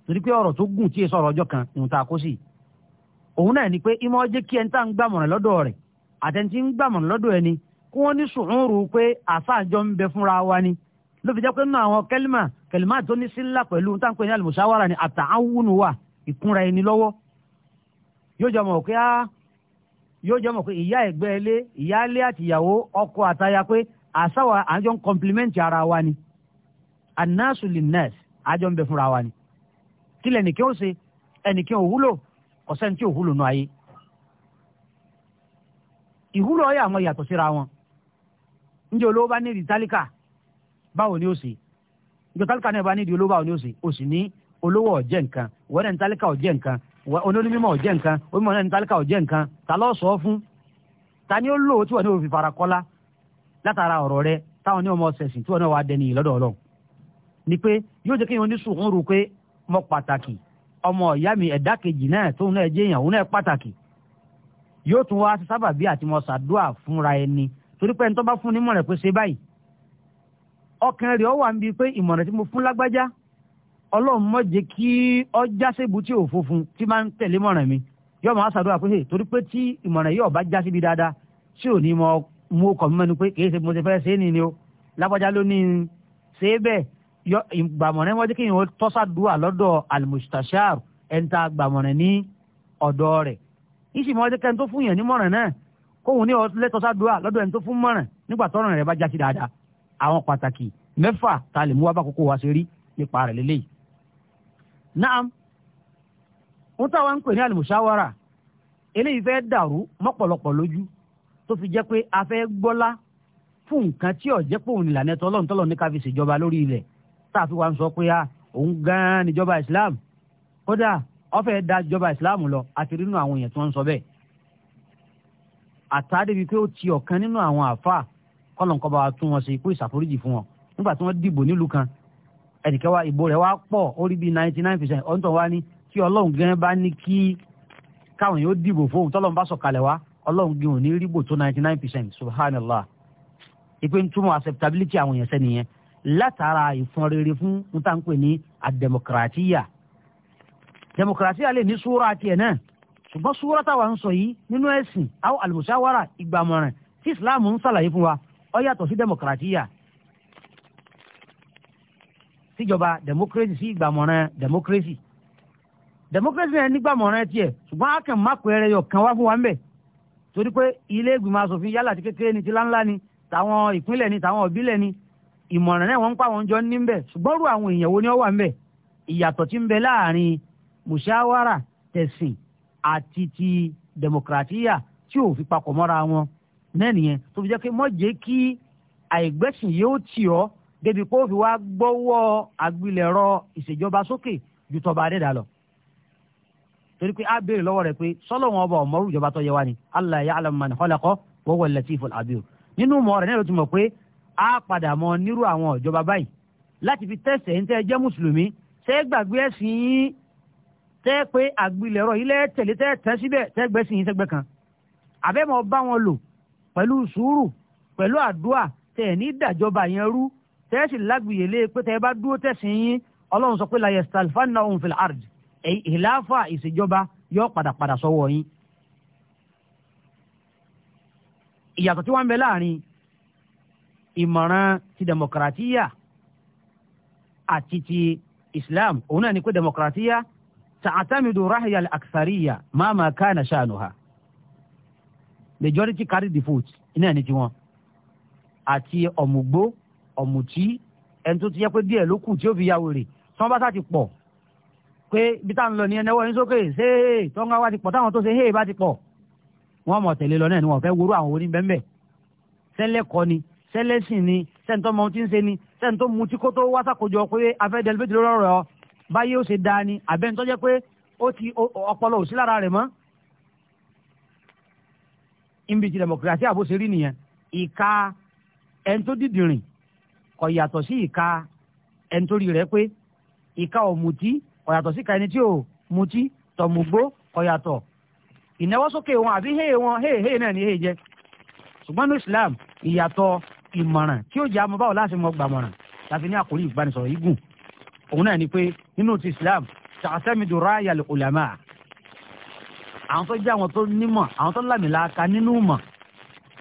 A: torí pé ọ̀rọ̀ tó gùn tí èso ọ̀rọ̀ ọjọ́ kan ìhun tá a kó sí i òun náà ni pé ìmọ̀ jẹ́ kí ẹni tá ń gbàmọ̀ràn lọ́dọ̀ rẹ̀ àtẹ̀ntì ń gbàmọ̀ràn lọ́dọ̀ ẹni kí wọ́n ní sùúrù pé àfàjọ ń bẹ fúnra wa ni ló fi jẹ́ pé nínú àwọn kẹlímà kẹlímà tó ní sílá pẹ̀lú ń pè ní ni àtàwùnù wà ìkúnra ẹni lọ́wọ́ yóò mọ̀ pé kílẹ̀ nìkan ó ṣe ẹnìkan ò wúlò ọ̀sẹ́ni tí ò wúlò nù ayé ìwúlò ọ̀yà àwọn yàtọ̀ síra wọn njẹ́ olówó bá nídìí tálíkà báwo ni ó ṣe njẹ́ tálíkà náà bá nídìí olówó báwo ni ó ṣe ó sì ní olówó ọ̀jẹ̀ nǹkan wọ́n ní tálíkà ọ̀jẹ̀ nǹkan onímọ̀ ọ̀jẹ̀ nǹkan onímọ̀ náà ní tálíkà ọ̀jẹ̀ nǹkan ta ló sọ fún ta ni ó lò ó tí wọ́n ní òfin fara kọ́lá látara ọ̀rọ̀ rẹ táwọn ní ọmọ ọ̀sẹ̀sìn tí wọ́n náà wá dẹni lọ́dọ̀ ọlọ́run ni pé yóò jẹ́ kí wọ́n ní sùúrù pé mọ pàtàkì ọmọ ìyá mi ẹ̀dá kejì náà tóun náà jẹ́yàn òun náà pàtàkì yóò tún wá sí sábà bí àti mọ sàdúà fúnra ẹni torí pé ẹni tó bá fún ní mọ̀rẹ̀ pé ṣe báyìí ọkàn rẹ̀ ọ wà ń bi pé ìmọ̀ràn tí mo fún lágbájá ọlọ́run mọ̀ jẹ́ kí ọjà ṣèbù tí ò fofun tí máa ń tẹ̀lé mọ̀ràn mi yóò máa sàdúrà pé torí pé tí ìmọ̀ràn yóò bá já síbi dáadáa tí ò ní mọ mú ọkọ̀ mi pé kì í ṣe mo ti fẹ́ ṣe é nìyí o lágbájá ló ní ṣe é bẹ́ẹ̀ gbàmọ̀rẹ́ wọ́n jẹ́ kí wọ́n tọ́sàdúà lọ́dọ̀ almustashar ẹni tá a gbàmọ̀rẹ́ ní ọ̀dọ́ rẹ̀ ìṣì mọ́ jẹ́ kẹ́ni tó fún yẹn nímọ̀ràn náà kóhun ní ọ̀lẹ́ tọ́sàdúà lọ́dọ̀ ẹni tó fún mọ̀ràn nígbà tọ́rọ̀ rẹ̀ bá já sí dáadáa àwọn pàtàkì mẹ́fà tá a lè mú wá bá kókó wa ṣe rí nípa rẹ̀ lélẹ́yìí. naam wọ́n táwa ń pè ní almushawara eléyìí fẹ́ dàrú mọ́pọ̀lọpọ̀ lójú tó fi jẹ́ pé a fẹ́ gbọ́lá fún nǹkan tí ó jẹ́ pé òun tààfin wa ń sọ pé ah, òun gan-an níjọba islam kódà ọfẹ da ìjọba islam lọ àti rínú àwọn èèyàn tí wọ́n ń sọ bẹ́ẹ̀ àtàdé bíi pé ó ti ọ̀kan nínú àwọn àáfàá kọlọǹkọba wa tún wọn ṣe kó ìsàforíjì fún wọn nígbà tí wọ́n dìbò nílùú kan ẹnìkan ìbò rẹ̀ wá pọ̀ ó rí bíi ninety nine percent ọ̀ntàn wa ní tí ọlọ́run gan bá ní kí káwọn yóò dìbò fóun tọ́lọ́run bá sọ̀kalẹ̀ wá ọlọ́run gan ò ní rí bò tó ninety nine percent subhanallah ìpè ń túmọ̀ acceptability àwọn èèyàn sẹ́niyẹn látara ìfọn rere fún n ta n pè ní àdẹmọkìràtíyà dẹmọkìràtíyà lè ní súra tiẹ̀ náà ṣùgbọ́n súra táwa ń sọ yìí nínú ẹ̀sìn àwọn àlùmọ̀ṣáwárà ìgbàmọ̀ràn tí ìsìláàmù ń ṣàlàyé fún wa ó yàtọ̀ sí dẹmọkìràtíyà síjọba democracy sí ìgbàmọ̀ràn democracy democracy náà nígbàmọ̀ràn tiẹ̀ ṣùgbọ́n a kàn má pẹ́ẹ́rẹ́ yọ kan wá fún wa ń bẹ̀ torí pé ilé ìgbìmọ̀ asòfin yálà ti kékeré ni ti láńlá ni tàwọn ìpínlẹ̀ ni tàwọn ìbílẹ̀ ni ìmọ̀ràn náà wọ́n ń pa àwọn jọ níbẹ̀ ṣùgbọ́n rú àwọn èèyàn wo ni ó wà níbẹ̀ ìyàtọ̀ tí ń bẹ láàrin mùṣáwárà tẹ̀sìn àti ti dẹmọkìrátíyà tí ò fi papọ̀ mọ́ra wọn náà nìyẹn tó fi jẹ́ pé mọ́ jẹ́ kí àìgbẹ́sìn yóò tì ọ́ débi pé ó fi wá gbọ́wọ́ àgbilẹ̀rọ ìṣèjọba sókè ju tọba adẹ́dà lọ torí pé a béèrè lọ́wọ́ rẹ̀ pé sọ́lọ́wọ́n ọba ọ̀mọ́rú ìjọba tó yẹ wá ni Allah ya'lamu man khalaqa wa huwa al-latiful nínú mọ́ rẹ̀ náà ló ti mọ̀ pé á padà mọ nírú àwọn ìjọba báyìí láti fi tẹ̀sẹ̀ ń tẹ́ jẹ́ mùsùlùmí tẹ́ gbàgbé ẹ̀sìn yín tẹ́ pé àgbìlẹ̀rọ ilé tẹ̀lé tẹ́ tẹ́ síbẹ̀ tẹ́ gbẹ́sìn yín sẹ́gbẹ́ kan àbẹ́mọ̀ bá wọn lò pẹ̀lú sùúrù pẹ̀lú àdúà tẹ̀ ní ìdàjọba yẹn rú tẹ́ sì lágbìyèlé pé tẹ́ bá dúró tẹ̀sìn yín ọlọ́run sọ pé la yastalfanna òun ard ìlàáfà ìṣèjọba yọ padàpadà sọ́wọ́ yín ìyàtọ̀ tí wọ́n ń bẹ láàrin ìmọ̀ràn ti dẹmọkaratíyà àti ti islam òun náà ni pé dẹmọkaratíyà tààtàmìdò ráhìyà àkàríyà máa máa ká ẹ̀nà ṣàánú ha majority carry the vote iná ẹni tiwọn àti ọ̀mùgbó ọ̀mùtí ẹni tó ti yẹ pé díẹ̀ ló kù tí ó fi ya wèrè tí wọ́n bá sá ti pọ̀ pé bí táwọn lọ ní ẹnẹwọ́ ẹni sókè ṣé tí wá ti pọ̀ táwọn tó ṣe hey bá ti pọ̀ wọ́n mọ̀ tẹ̀lé lọ náà ni wọ́n fẹ́ worú àwọn oníbẹ̀ńbẹ̀ sẹ́lẹ̀ kọ́ ni sẹ́lẹ̀sìn ni sẹ́ńtọ́ mọ ti ń ṣe ni sẹ́ńtọ́ mutí kó tó wásàkójọ pé afẹ́dẹ́lẹ́bẹ̀tì lọ́rọ̀ rẹ̀ ọ báyé ó ṣe dáa ni àbẹ́ńtọ́ jẹ́ pé ó ti ọpọlọ òsí lára rẹ̀ mọ́ níbi tí democracy àbó ṣe rí nìyẹn ìka ẹni tó dìdìrìn kò yàtọ̀ sí ìka ẹni tó rí rẹ̀ pé ìka ọ̀mùtí kò yàtọ̀ sí ìka ẹni tí ò mutí tọ̀mùgbó kò yàtọ̀ ìnáwó sókè wọn àbí héè wọn héè héè náà ni héè jẹ ṣùgbọ́n ní Islam ìyàtọ̀ ìmọ̀ràn tí ó jẹ́ àmọ́ báwo láti mọ gbàmọ̀ràn láti ní àkórí ìbánisọ̀rọ̀ yìí gùn òun náà ni pé nínú ti Islam tàṣẹ́mìdò ráyàl ulama àwọn tó jẹ́ àwọn tó nímọ̀ àwọn tó lámìláka nínú mọ̀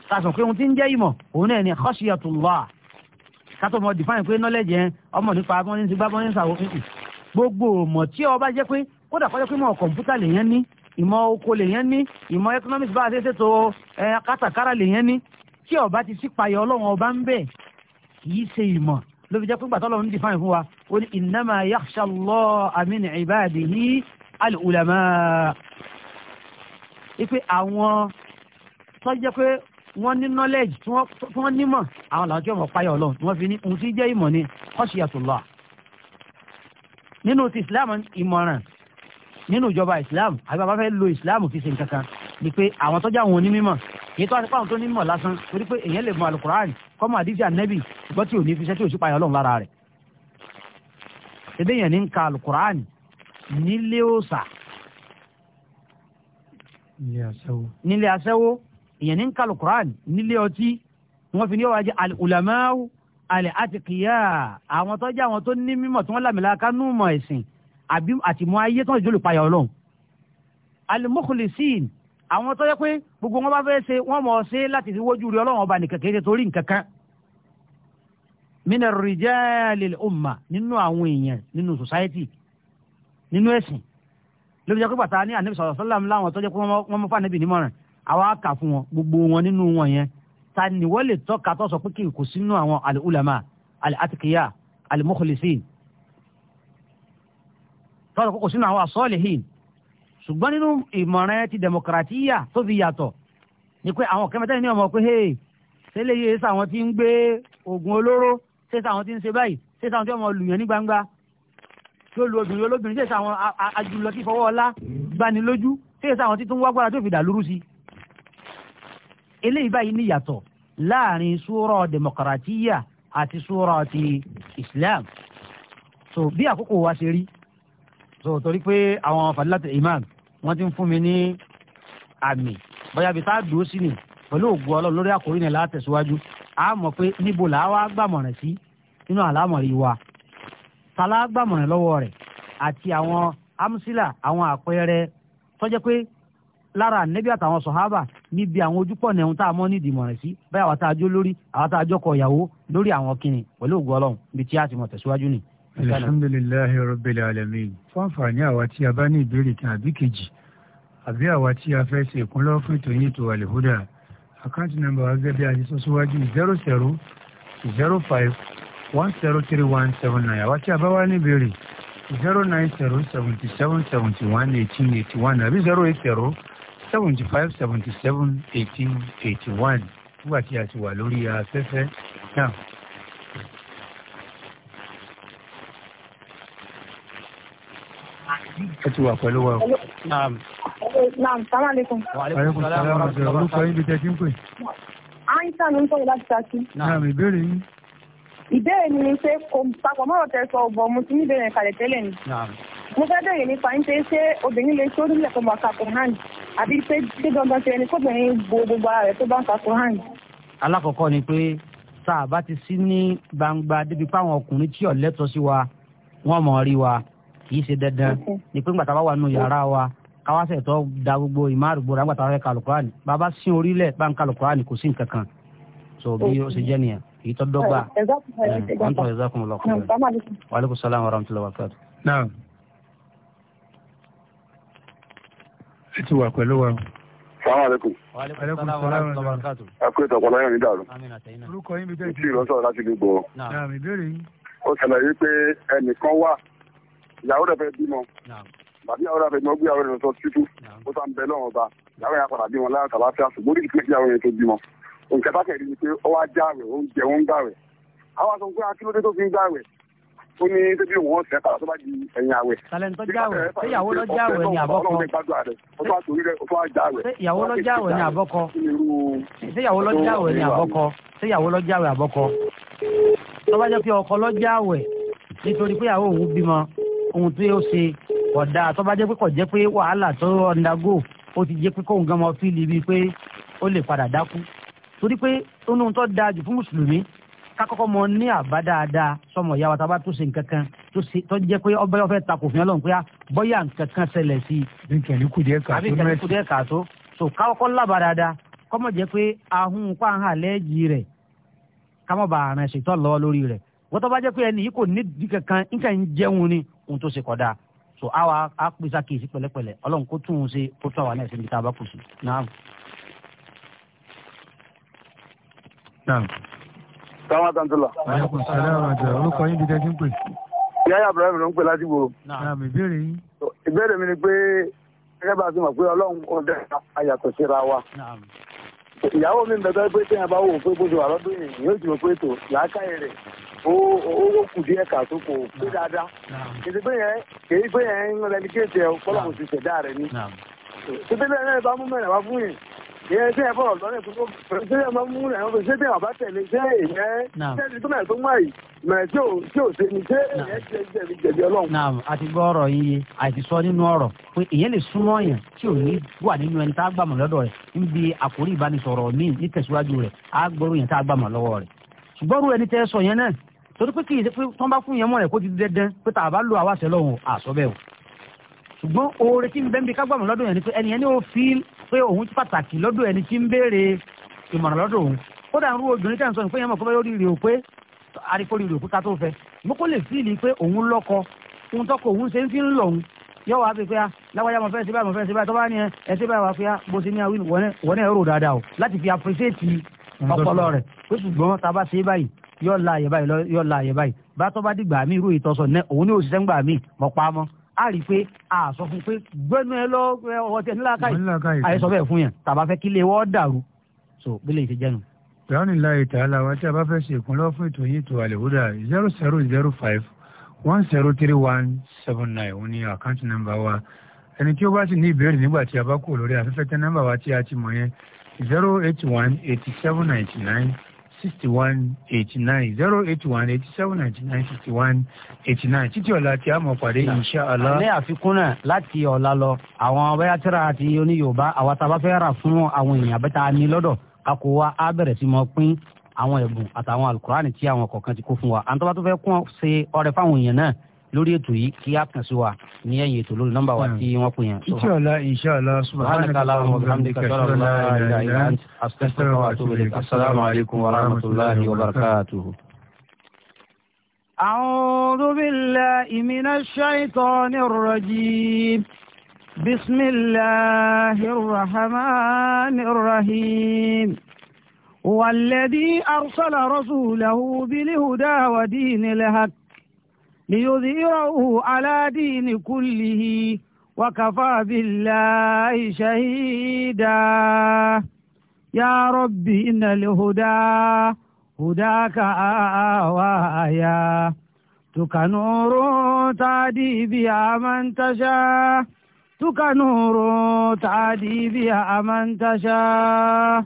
A: tàṣàn pé ohun tí ń jẹ́ ìmọ̀ òun náà ni khashiyatullah kátó mọ define pé knowledge yẹn ọmọ nípa bọ́n ní ti gbá bọ́n ní sàwọ́ fífi gbogbo mọ̀ tí ọba jẹ́ pé kódà kọ́jọ́ pé mọ̀ kọ̀ǹpútà lèyàn ní ìmọ̀ oko lèyàn ní ìmọ̀ economics bá a ṣe ṣètò kátàkárà lèyàn ní tí ó bá ti sí payọ Ọlọ́run ọba ń bẹ kì í ṣe ìmọ̀ ló fi jẹ́ pé gbàtọ́ lọ́run dìfáìn fún wa ó ní innama yakhsha Allah min ibadihi al-ulama ipe àwọn tó jẹ́ pé wọ́n ní knowledge tí wọ́n nímọ̀ àwọn làwọn tí wọ́n mọ̀ payọ Ọlọ́run tí wọ́n fi ní ohun tí jẹ́ ìmọ̀ ni khashiyatullah nínú ti Islam ìmọ̀ràn nínú ìjọba Islam àbí bàbá lo Islam fi ṣe nǹkan kan ni pé àwọn tọ́jà àwọn onímọ̀ yìí tó àtipá àwọn tó ní mọ̀ lásán torí pé èèyàn lè mọ alukur'an kọ́mọ àdíjì ànẹ́bì ṣùgbọ́n tí ò ní fi iṣẹ́ tí ò sí payọ̀ ọlọ́run lára rẹ̀. ṣẹdẹ́yìn ní ń ka alukur'an nílé òòsà nílé aṣẹ́wó èèyàn ní ń ka alukur'an nílé ọtí wọ́n fi ní ọ̀wájú alùlámáwù alẹ́ àtìkìyà àwọn tó jẹ́ àwọn tó ní mímọ̀ tí wọ́n lámìlá kánú mọ̀ ẹ̀sìn àti mọ àwọn tó yẹ pé gbogbo wọn bá fẹ́ ṣe wọ́n mọ̀ ọ́ ṣe láti fi wójú rí ọlọ́run ọba nìkan kéde torí nǹkan kan mina rijalil umma nínú àwọn èèyàn nínú society nínú ẹ̀sìn lóbi jẹ́ pé bàtà ní ànábì sallallahu alaihi wasallam láwọn tó jẹ́ pé wọ́n mú fànẹ́bì nímọ̀ràn àwa kà fún wọn gbogbo wọn nínú wọn yẹn ta ni wọ́n lè tọ́ka tó sọ pé kí kò sínú àwọn al-ulama al-atqiya al-mukhlisin tọ́ka kò sínú àwọn as-salihin ṣùgbọ́n nínú ìmọ̀ràn ti dẹmọkìràtíyà tó fi yàtọ̀ ni pé àwọn kẹmẹtẹ́ ní ọmọ pé hey ṣẹlẹ̀ yìí ṣe àwọn tí ń gbé oògùn olóró ṣe ṣe àwọn tí ń ṣe báyìí ṣe ṣe àwọn tí ọmọ lùyàn ní gbangba tí ó lu obìnrin olóbìnrin ṣe ṣe àwọn ajulọ tí fọwọ́ ọlá gbanilójú ṣe ṣe àwọn tí tó ń wágbára tó fi dà lóru sí. eléyìí báyìí ní yàtọ̀ láàrin súrọ̀ dẹmọkìràtíyà àti súrọ̀ ti Islam so bí àkókò wa ṣe rí so torí pé àwọn fàlàtì imam wọ́n ti ń fún mi ní àmì bóyá ibi tá a dúró sí ni pẹ̀lú ògùn ọlọ́run lórí àkórí yẹn látẹ̀síwájú a mọ̀ pé níbo là á wá gbàmọ̀ràn sí nínú àlámọ̀rí wa ta la gbàmọ̀ràn lọ́wọ́ rẹ̀ àti àwọn amúsílà àwọn àpẹẹrẹ tọ́jẹ́ pé lára ànẹ́bí àtàwọn sọ̀hábà níbi àwọn ojúpọ̀ ní tá a mọ́ nídìí mọ̀rẹ̀ sí báyà wàá tá a jó lórí àwọn tá a jọkọ̀ ìyàwó
B: alhamdulilayi rabbil alamin fún àǹfààní àwa tí a bá ní ìbéèrè kan àbí kejì àbí àwa tí a fẹ́ ṣe ìkúnlọ́ fún ètò yìí tó àlèhúdà àkáǹtì nàmbà wa gẹ́gẹ́ bí a ti sọ síwájú zero zero zero five one zero three one seven nine àwa tí a bá wá ní ìbéèrè zero nine zero seventy seven seventy one eighteen eighty one àbí zero eight zero seventy five seventy seven eighteen eighty one nígbà tí a ti wà lórí afẹ́fẹ́ náà. ẹ ti wà pẹ̀lú wa.
A: naam salaam aleykum. aleykum salaam wa rahmatulah olùkọ́ yín bí tẹ́tí ń pè. àyíṣà ló ń sọ̀rọ̀ láti ṣáàkì. naam ìbéèrè yín. ìbéèrè mi ni pé kò papọ̀ mọ́rọ̀ tẹ sọ ọ̀bọ̀ mo ti ní ìbéèrè kalẹ̀ tẹ́lẹ̀ ni. mo fẹ́ bẹ̀rẹ̀ nípa ń pé ṣé obìnrin lè ṣó nílẹ̀ tó máa ka Quran àbí pé ṣé dandan ṣe ẹni kóbìnrin bo gbogbo ara rẹ̀ tó bá ń ka Quran. alákọ̀ọ́kọ́ ni pé tá a bá ti sí ní gbangba débi pé àwọn ọkùnrin tí ó lẹ́tọ̀ọ́ sí wa wọ́n mọ̀ rí wa kì í ṣe dandan ni pé ńgbà bá wà nù yàrá wa káwáṣẹ̀ tó da gbogbo ìmáàrú gbòòrò ńgbà tá a fẹ́ kàlùkùránì bàbá sí orílẹ̀ bá ń kàlùkùránì kò sí nǹkan kan so bí ó ṣe jẹ́ nìyẹn èyí tó dọ́gba wọ́n tọ́ ẹ̀zá
B: kùn lọ́kùn rẹ̀ wa alaikum salaam wa rahmatullahi wa barakatuh. náà ẹ ti wà pẹ̀lú wa. Assalamu alaikum. Wa alaikum salaam wa rahmatullahi wa barakatuh. ẹ mi jẹ́ ìtì ìrọ́sọ̀rọ̀ láti gbogbo ìyàwó rẹ̀ fẹ́ bímọ bàbí àwọn àfẹnumọ gbé àwọn ènìyàn sọ títú ó sá ń bẹ lọ́wọ́ ọba ìyàwó yẹn padà bímọ láyà tàbá fíà ṣùgbọ́n oríṣi kìí ìyàwó yẹn tó bímọ òǹkẹ́ bá kẹ̀rí ni pé ó wá já rẹ̀ ó ń jẹ ó ń gbà rẹ̀
A: àwọn àtọ̀ nǹkan akílódé tó fi ń
B: gbà rẹ̀ ó ní débi òun ọ̀sẹ̀ padà tó bá di ẹ̀yìn àwẹ̀. talẹ̀ntọ́ jáwẹ̀ ṣé ìyàwó lọ jáwẹ̀ ni àbọ̀kọ ṣé ìyàwó lọ jáwẹ̀ ni àbọ̀kọ
A: ṣé ìyàwó lọ jáwẹ̀ ni àbọ̀kọ ṣé ìyàwó lọ jáwẹ̀ àbọ̀kọ. tó bá jẹ́ pé ọkọ lọ jáwẹ̀ nítorí pé ìyàwó òun bímọ ohun tí ó ṣe ọ̀dà tó bá jẹ́ pé kò jẹ́ pé wàhálà tó ọ̀ndàgò ó ti jẹ́ pé kóun gan mọ fíìlì bíi pé ó lè padà dákú torí pé ohun tó dáa jù fún mùsùlùmí kákọ́kọ́ mọ ní àbá dáadáa sọmọ ìyá wa tá a bá tó ṣe nǹkan kan tó jẹ́ pé ọba yóò fẹ́ takò fún ọlọ́run pé ah, bọ́yà nǹkan kan ṣẹlẹ̀ sí i. nkẹ́ni kù díẹ̀ kàtó mẹ́sì àbí nkẹ́ni kù díẹ̀ kàtó so kákọ́kọ́ lábàá dáadáa kọ́mọ̀ jẹ́ pé ahun kó àhàn àlẹ́jì rẹ̀ kámọ́ bá àrùn ẹ̀sìn tó lọ́wọ́ lórí rẹ̀ wọ́n tó bá jẹ́ pé ẹni yìí kò ní kankan nǹkan jẹun ni ohun tó ṣe kódà so àwa á pèsè àkíyèsí pẹ̀lẹ́pẹ̀lẹ́ ọlọ́run kó tún un ṣe kó tún àwa náà ṣe níbi tá a bá kù sí.
B: Sàwọn àtàntúlà. Àyẹ̀kùn sàlẹ̀ àwọn àjẹ́ orúkọ yín dídẹ́ kí n pè. Yáyà Ibrahim ló ń pè láti gbòòrò. Àmì ìbéèrè yín. Ìbéèrè mi ni pé gẹ́gẹ́ bá a ti mọ̀ pé ọlọ́run kò dẹ́ àyàtọ̀ síra wa. Ìyàwó mi bẹ̀rẹ̀ pé téèyàn ó
A: kù díẹ̀ kàtó kò pé dáadáa kìí pé yẹn kìí pé yẹn ń rẹlikéètì ẹ kọ́lá kò ṣẹ̀dá rẹ ni bá mú mẹ́rin wá fún yìí ẹ tó ṣé ẹ máa mú rẹ̀ ṣé bí tẹ̀lé ṣé ṣé ti tí ò tí ò ṣe ni ṣé ọlọ́run. lè yẹn tí ò ní wà nínú ẹni tá a gbàmọ̀ lọ́dọ̀ rẹ̀ níbi àkórí ìbánisọ̀rọ̀ míì nítẹ̀síwájú rẹ̀ á yẹn tá a ṣùgbọ́n torí pé kì í ṣe pé tán bá fún yẹn mọ̀ rẹ̀ kó ti dẹ́dẹ́ pé tá a bá lo àwa sẹ́lọ̀ òun o ṣùgbọ́n oore tí ń bẹ́ ń bi kágbàmù lọ́dọ̀ yẹn ni pé ẹni yẹn ni ó fi pé òun ti pàtàkì lọ́dọ̀ ẹni tí ń béèrè ìmọ̀ràn lọ́dọ̀ òun kódà ń rú obìnrin tẹ̀ ń sọ ní pé yẹn mọ̀ kó yóò rí rè o pé àríkó rí rè o pé ká tó fẹ́ mo kó lè fíìlì pé òun lọ́kọ òun tọ́kọ òun ṣe ń fi ń lọ òun yọ wá pé pé a ah, láwáyá mo fẹ́ ṣe báyìí mo fẹ́ ṣe báyìí tó bá ní ẹ ẹ ṣe báyìí wá pé a ah, bó ṣe ní awin wọ́n náà rò dáadáa o láti fi appreciate ọpọlọ rẹ̀ pé ṣùgbọ́n tá bá ṣe báyìí yóò la àyè báyìí yóò la àyè báyìí bá tọ́ bá dìgbà mí irú ìtọ́sọ̀ náà òun ní òṣìṣẹ́ ń gbà mí mọ̀ pa mọ́ a rí i pé a sọ fún pé gbẹ́nu ẹ lọ ọwọ́ tẹ nílá káyì àìsọ bẹ́ẹ̀ fún yẹn
B: tàbá fẹ́ kí lè wọ́ dàrú so bí lè ṣe jẹ́nu. bẹ́ẹ̀ni láyé tààlà wa tí a bá fẹ́ ṣe ìkúnlọ́ fún ètò yìí tó zero zero zero five one zero three one seven nine òun ni àkáǹtì nọ́mbà wa ẹni tí ó bá sì ní ìbéèrè nígbà tí a bá kú lórí afẹ́fẹ́ tẹ nọ́mbà wa tí a ti mọ̀ yẹn zero eight one eighty seven ninety nine sixty one eighty nine zero eight one eighty seven ninety nine sixty one eighty nine títí ọ̀la tí a mọ̀ pàdé insha Allah. àlẹ́ àfikún náà láti ọ̀la
A: lọ àwọn bóyá tírà àti oní yorùbá àwa tá a bá fẹ́ rà fún àwọn èèyàn bẹ́tà ní lọ́dọ̀ kakó wa á bẹ̀rẹ̀ sí mọ pín àwọn ẹ̀bùn àtàwọn alukurani tí àwọn kọ̀ọ̀kan ti kó fún wa àǹtọ́bá tó fẹ́ kún ṣe ọrẹ fáwọn èèyàn náà lórí ètò yìí kí a kàn sí wa ní ẹ̀yìn ètò lórí nọ́mbà wa tí wọ́n
B: pè yẹn. inṣàlá inṣàlá subhanakala wa bihamdika sọlá ilaha illa anta astaghfiruka wa atubu assalamu alaykum wa rahmatulahi wa barakatuhu.
A: أعوذ بالله من الشيطان الرجيم بسم الله الرحمن الرحيم والذي أرسل رسوله بالهدى ودين الحق ليظهره على دين كله وكفى بالله شهيدا يا رب إن الهدى هداك آوايا تك نور تعدي بها من تشاء تك نور تعدي بها من تشاء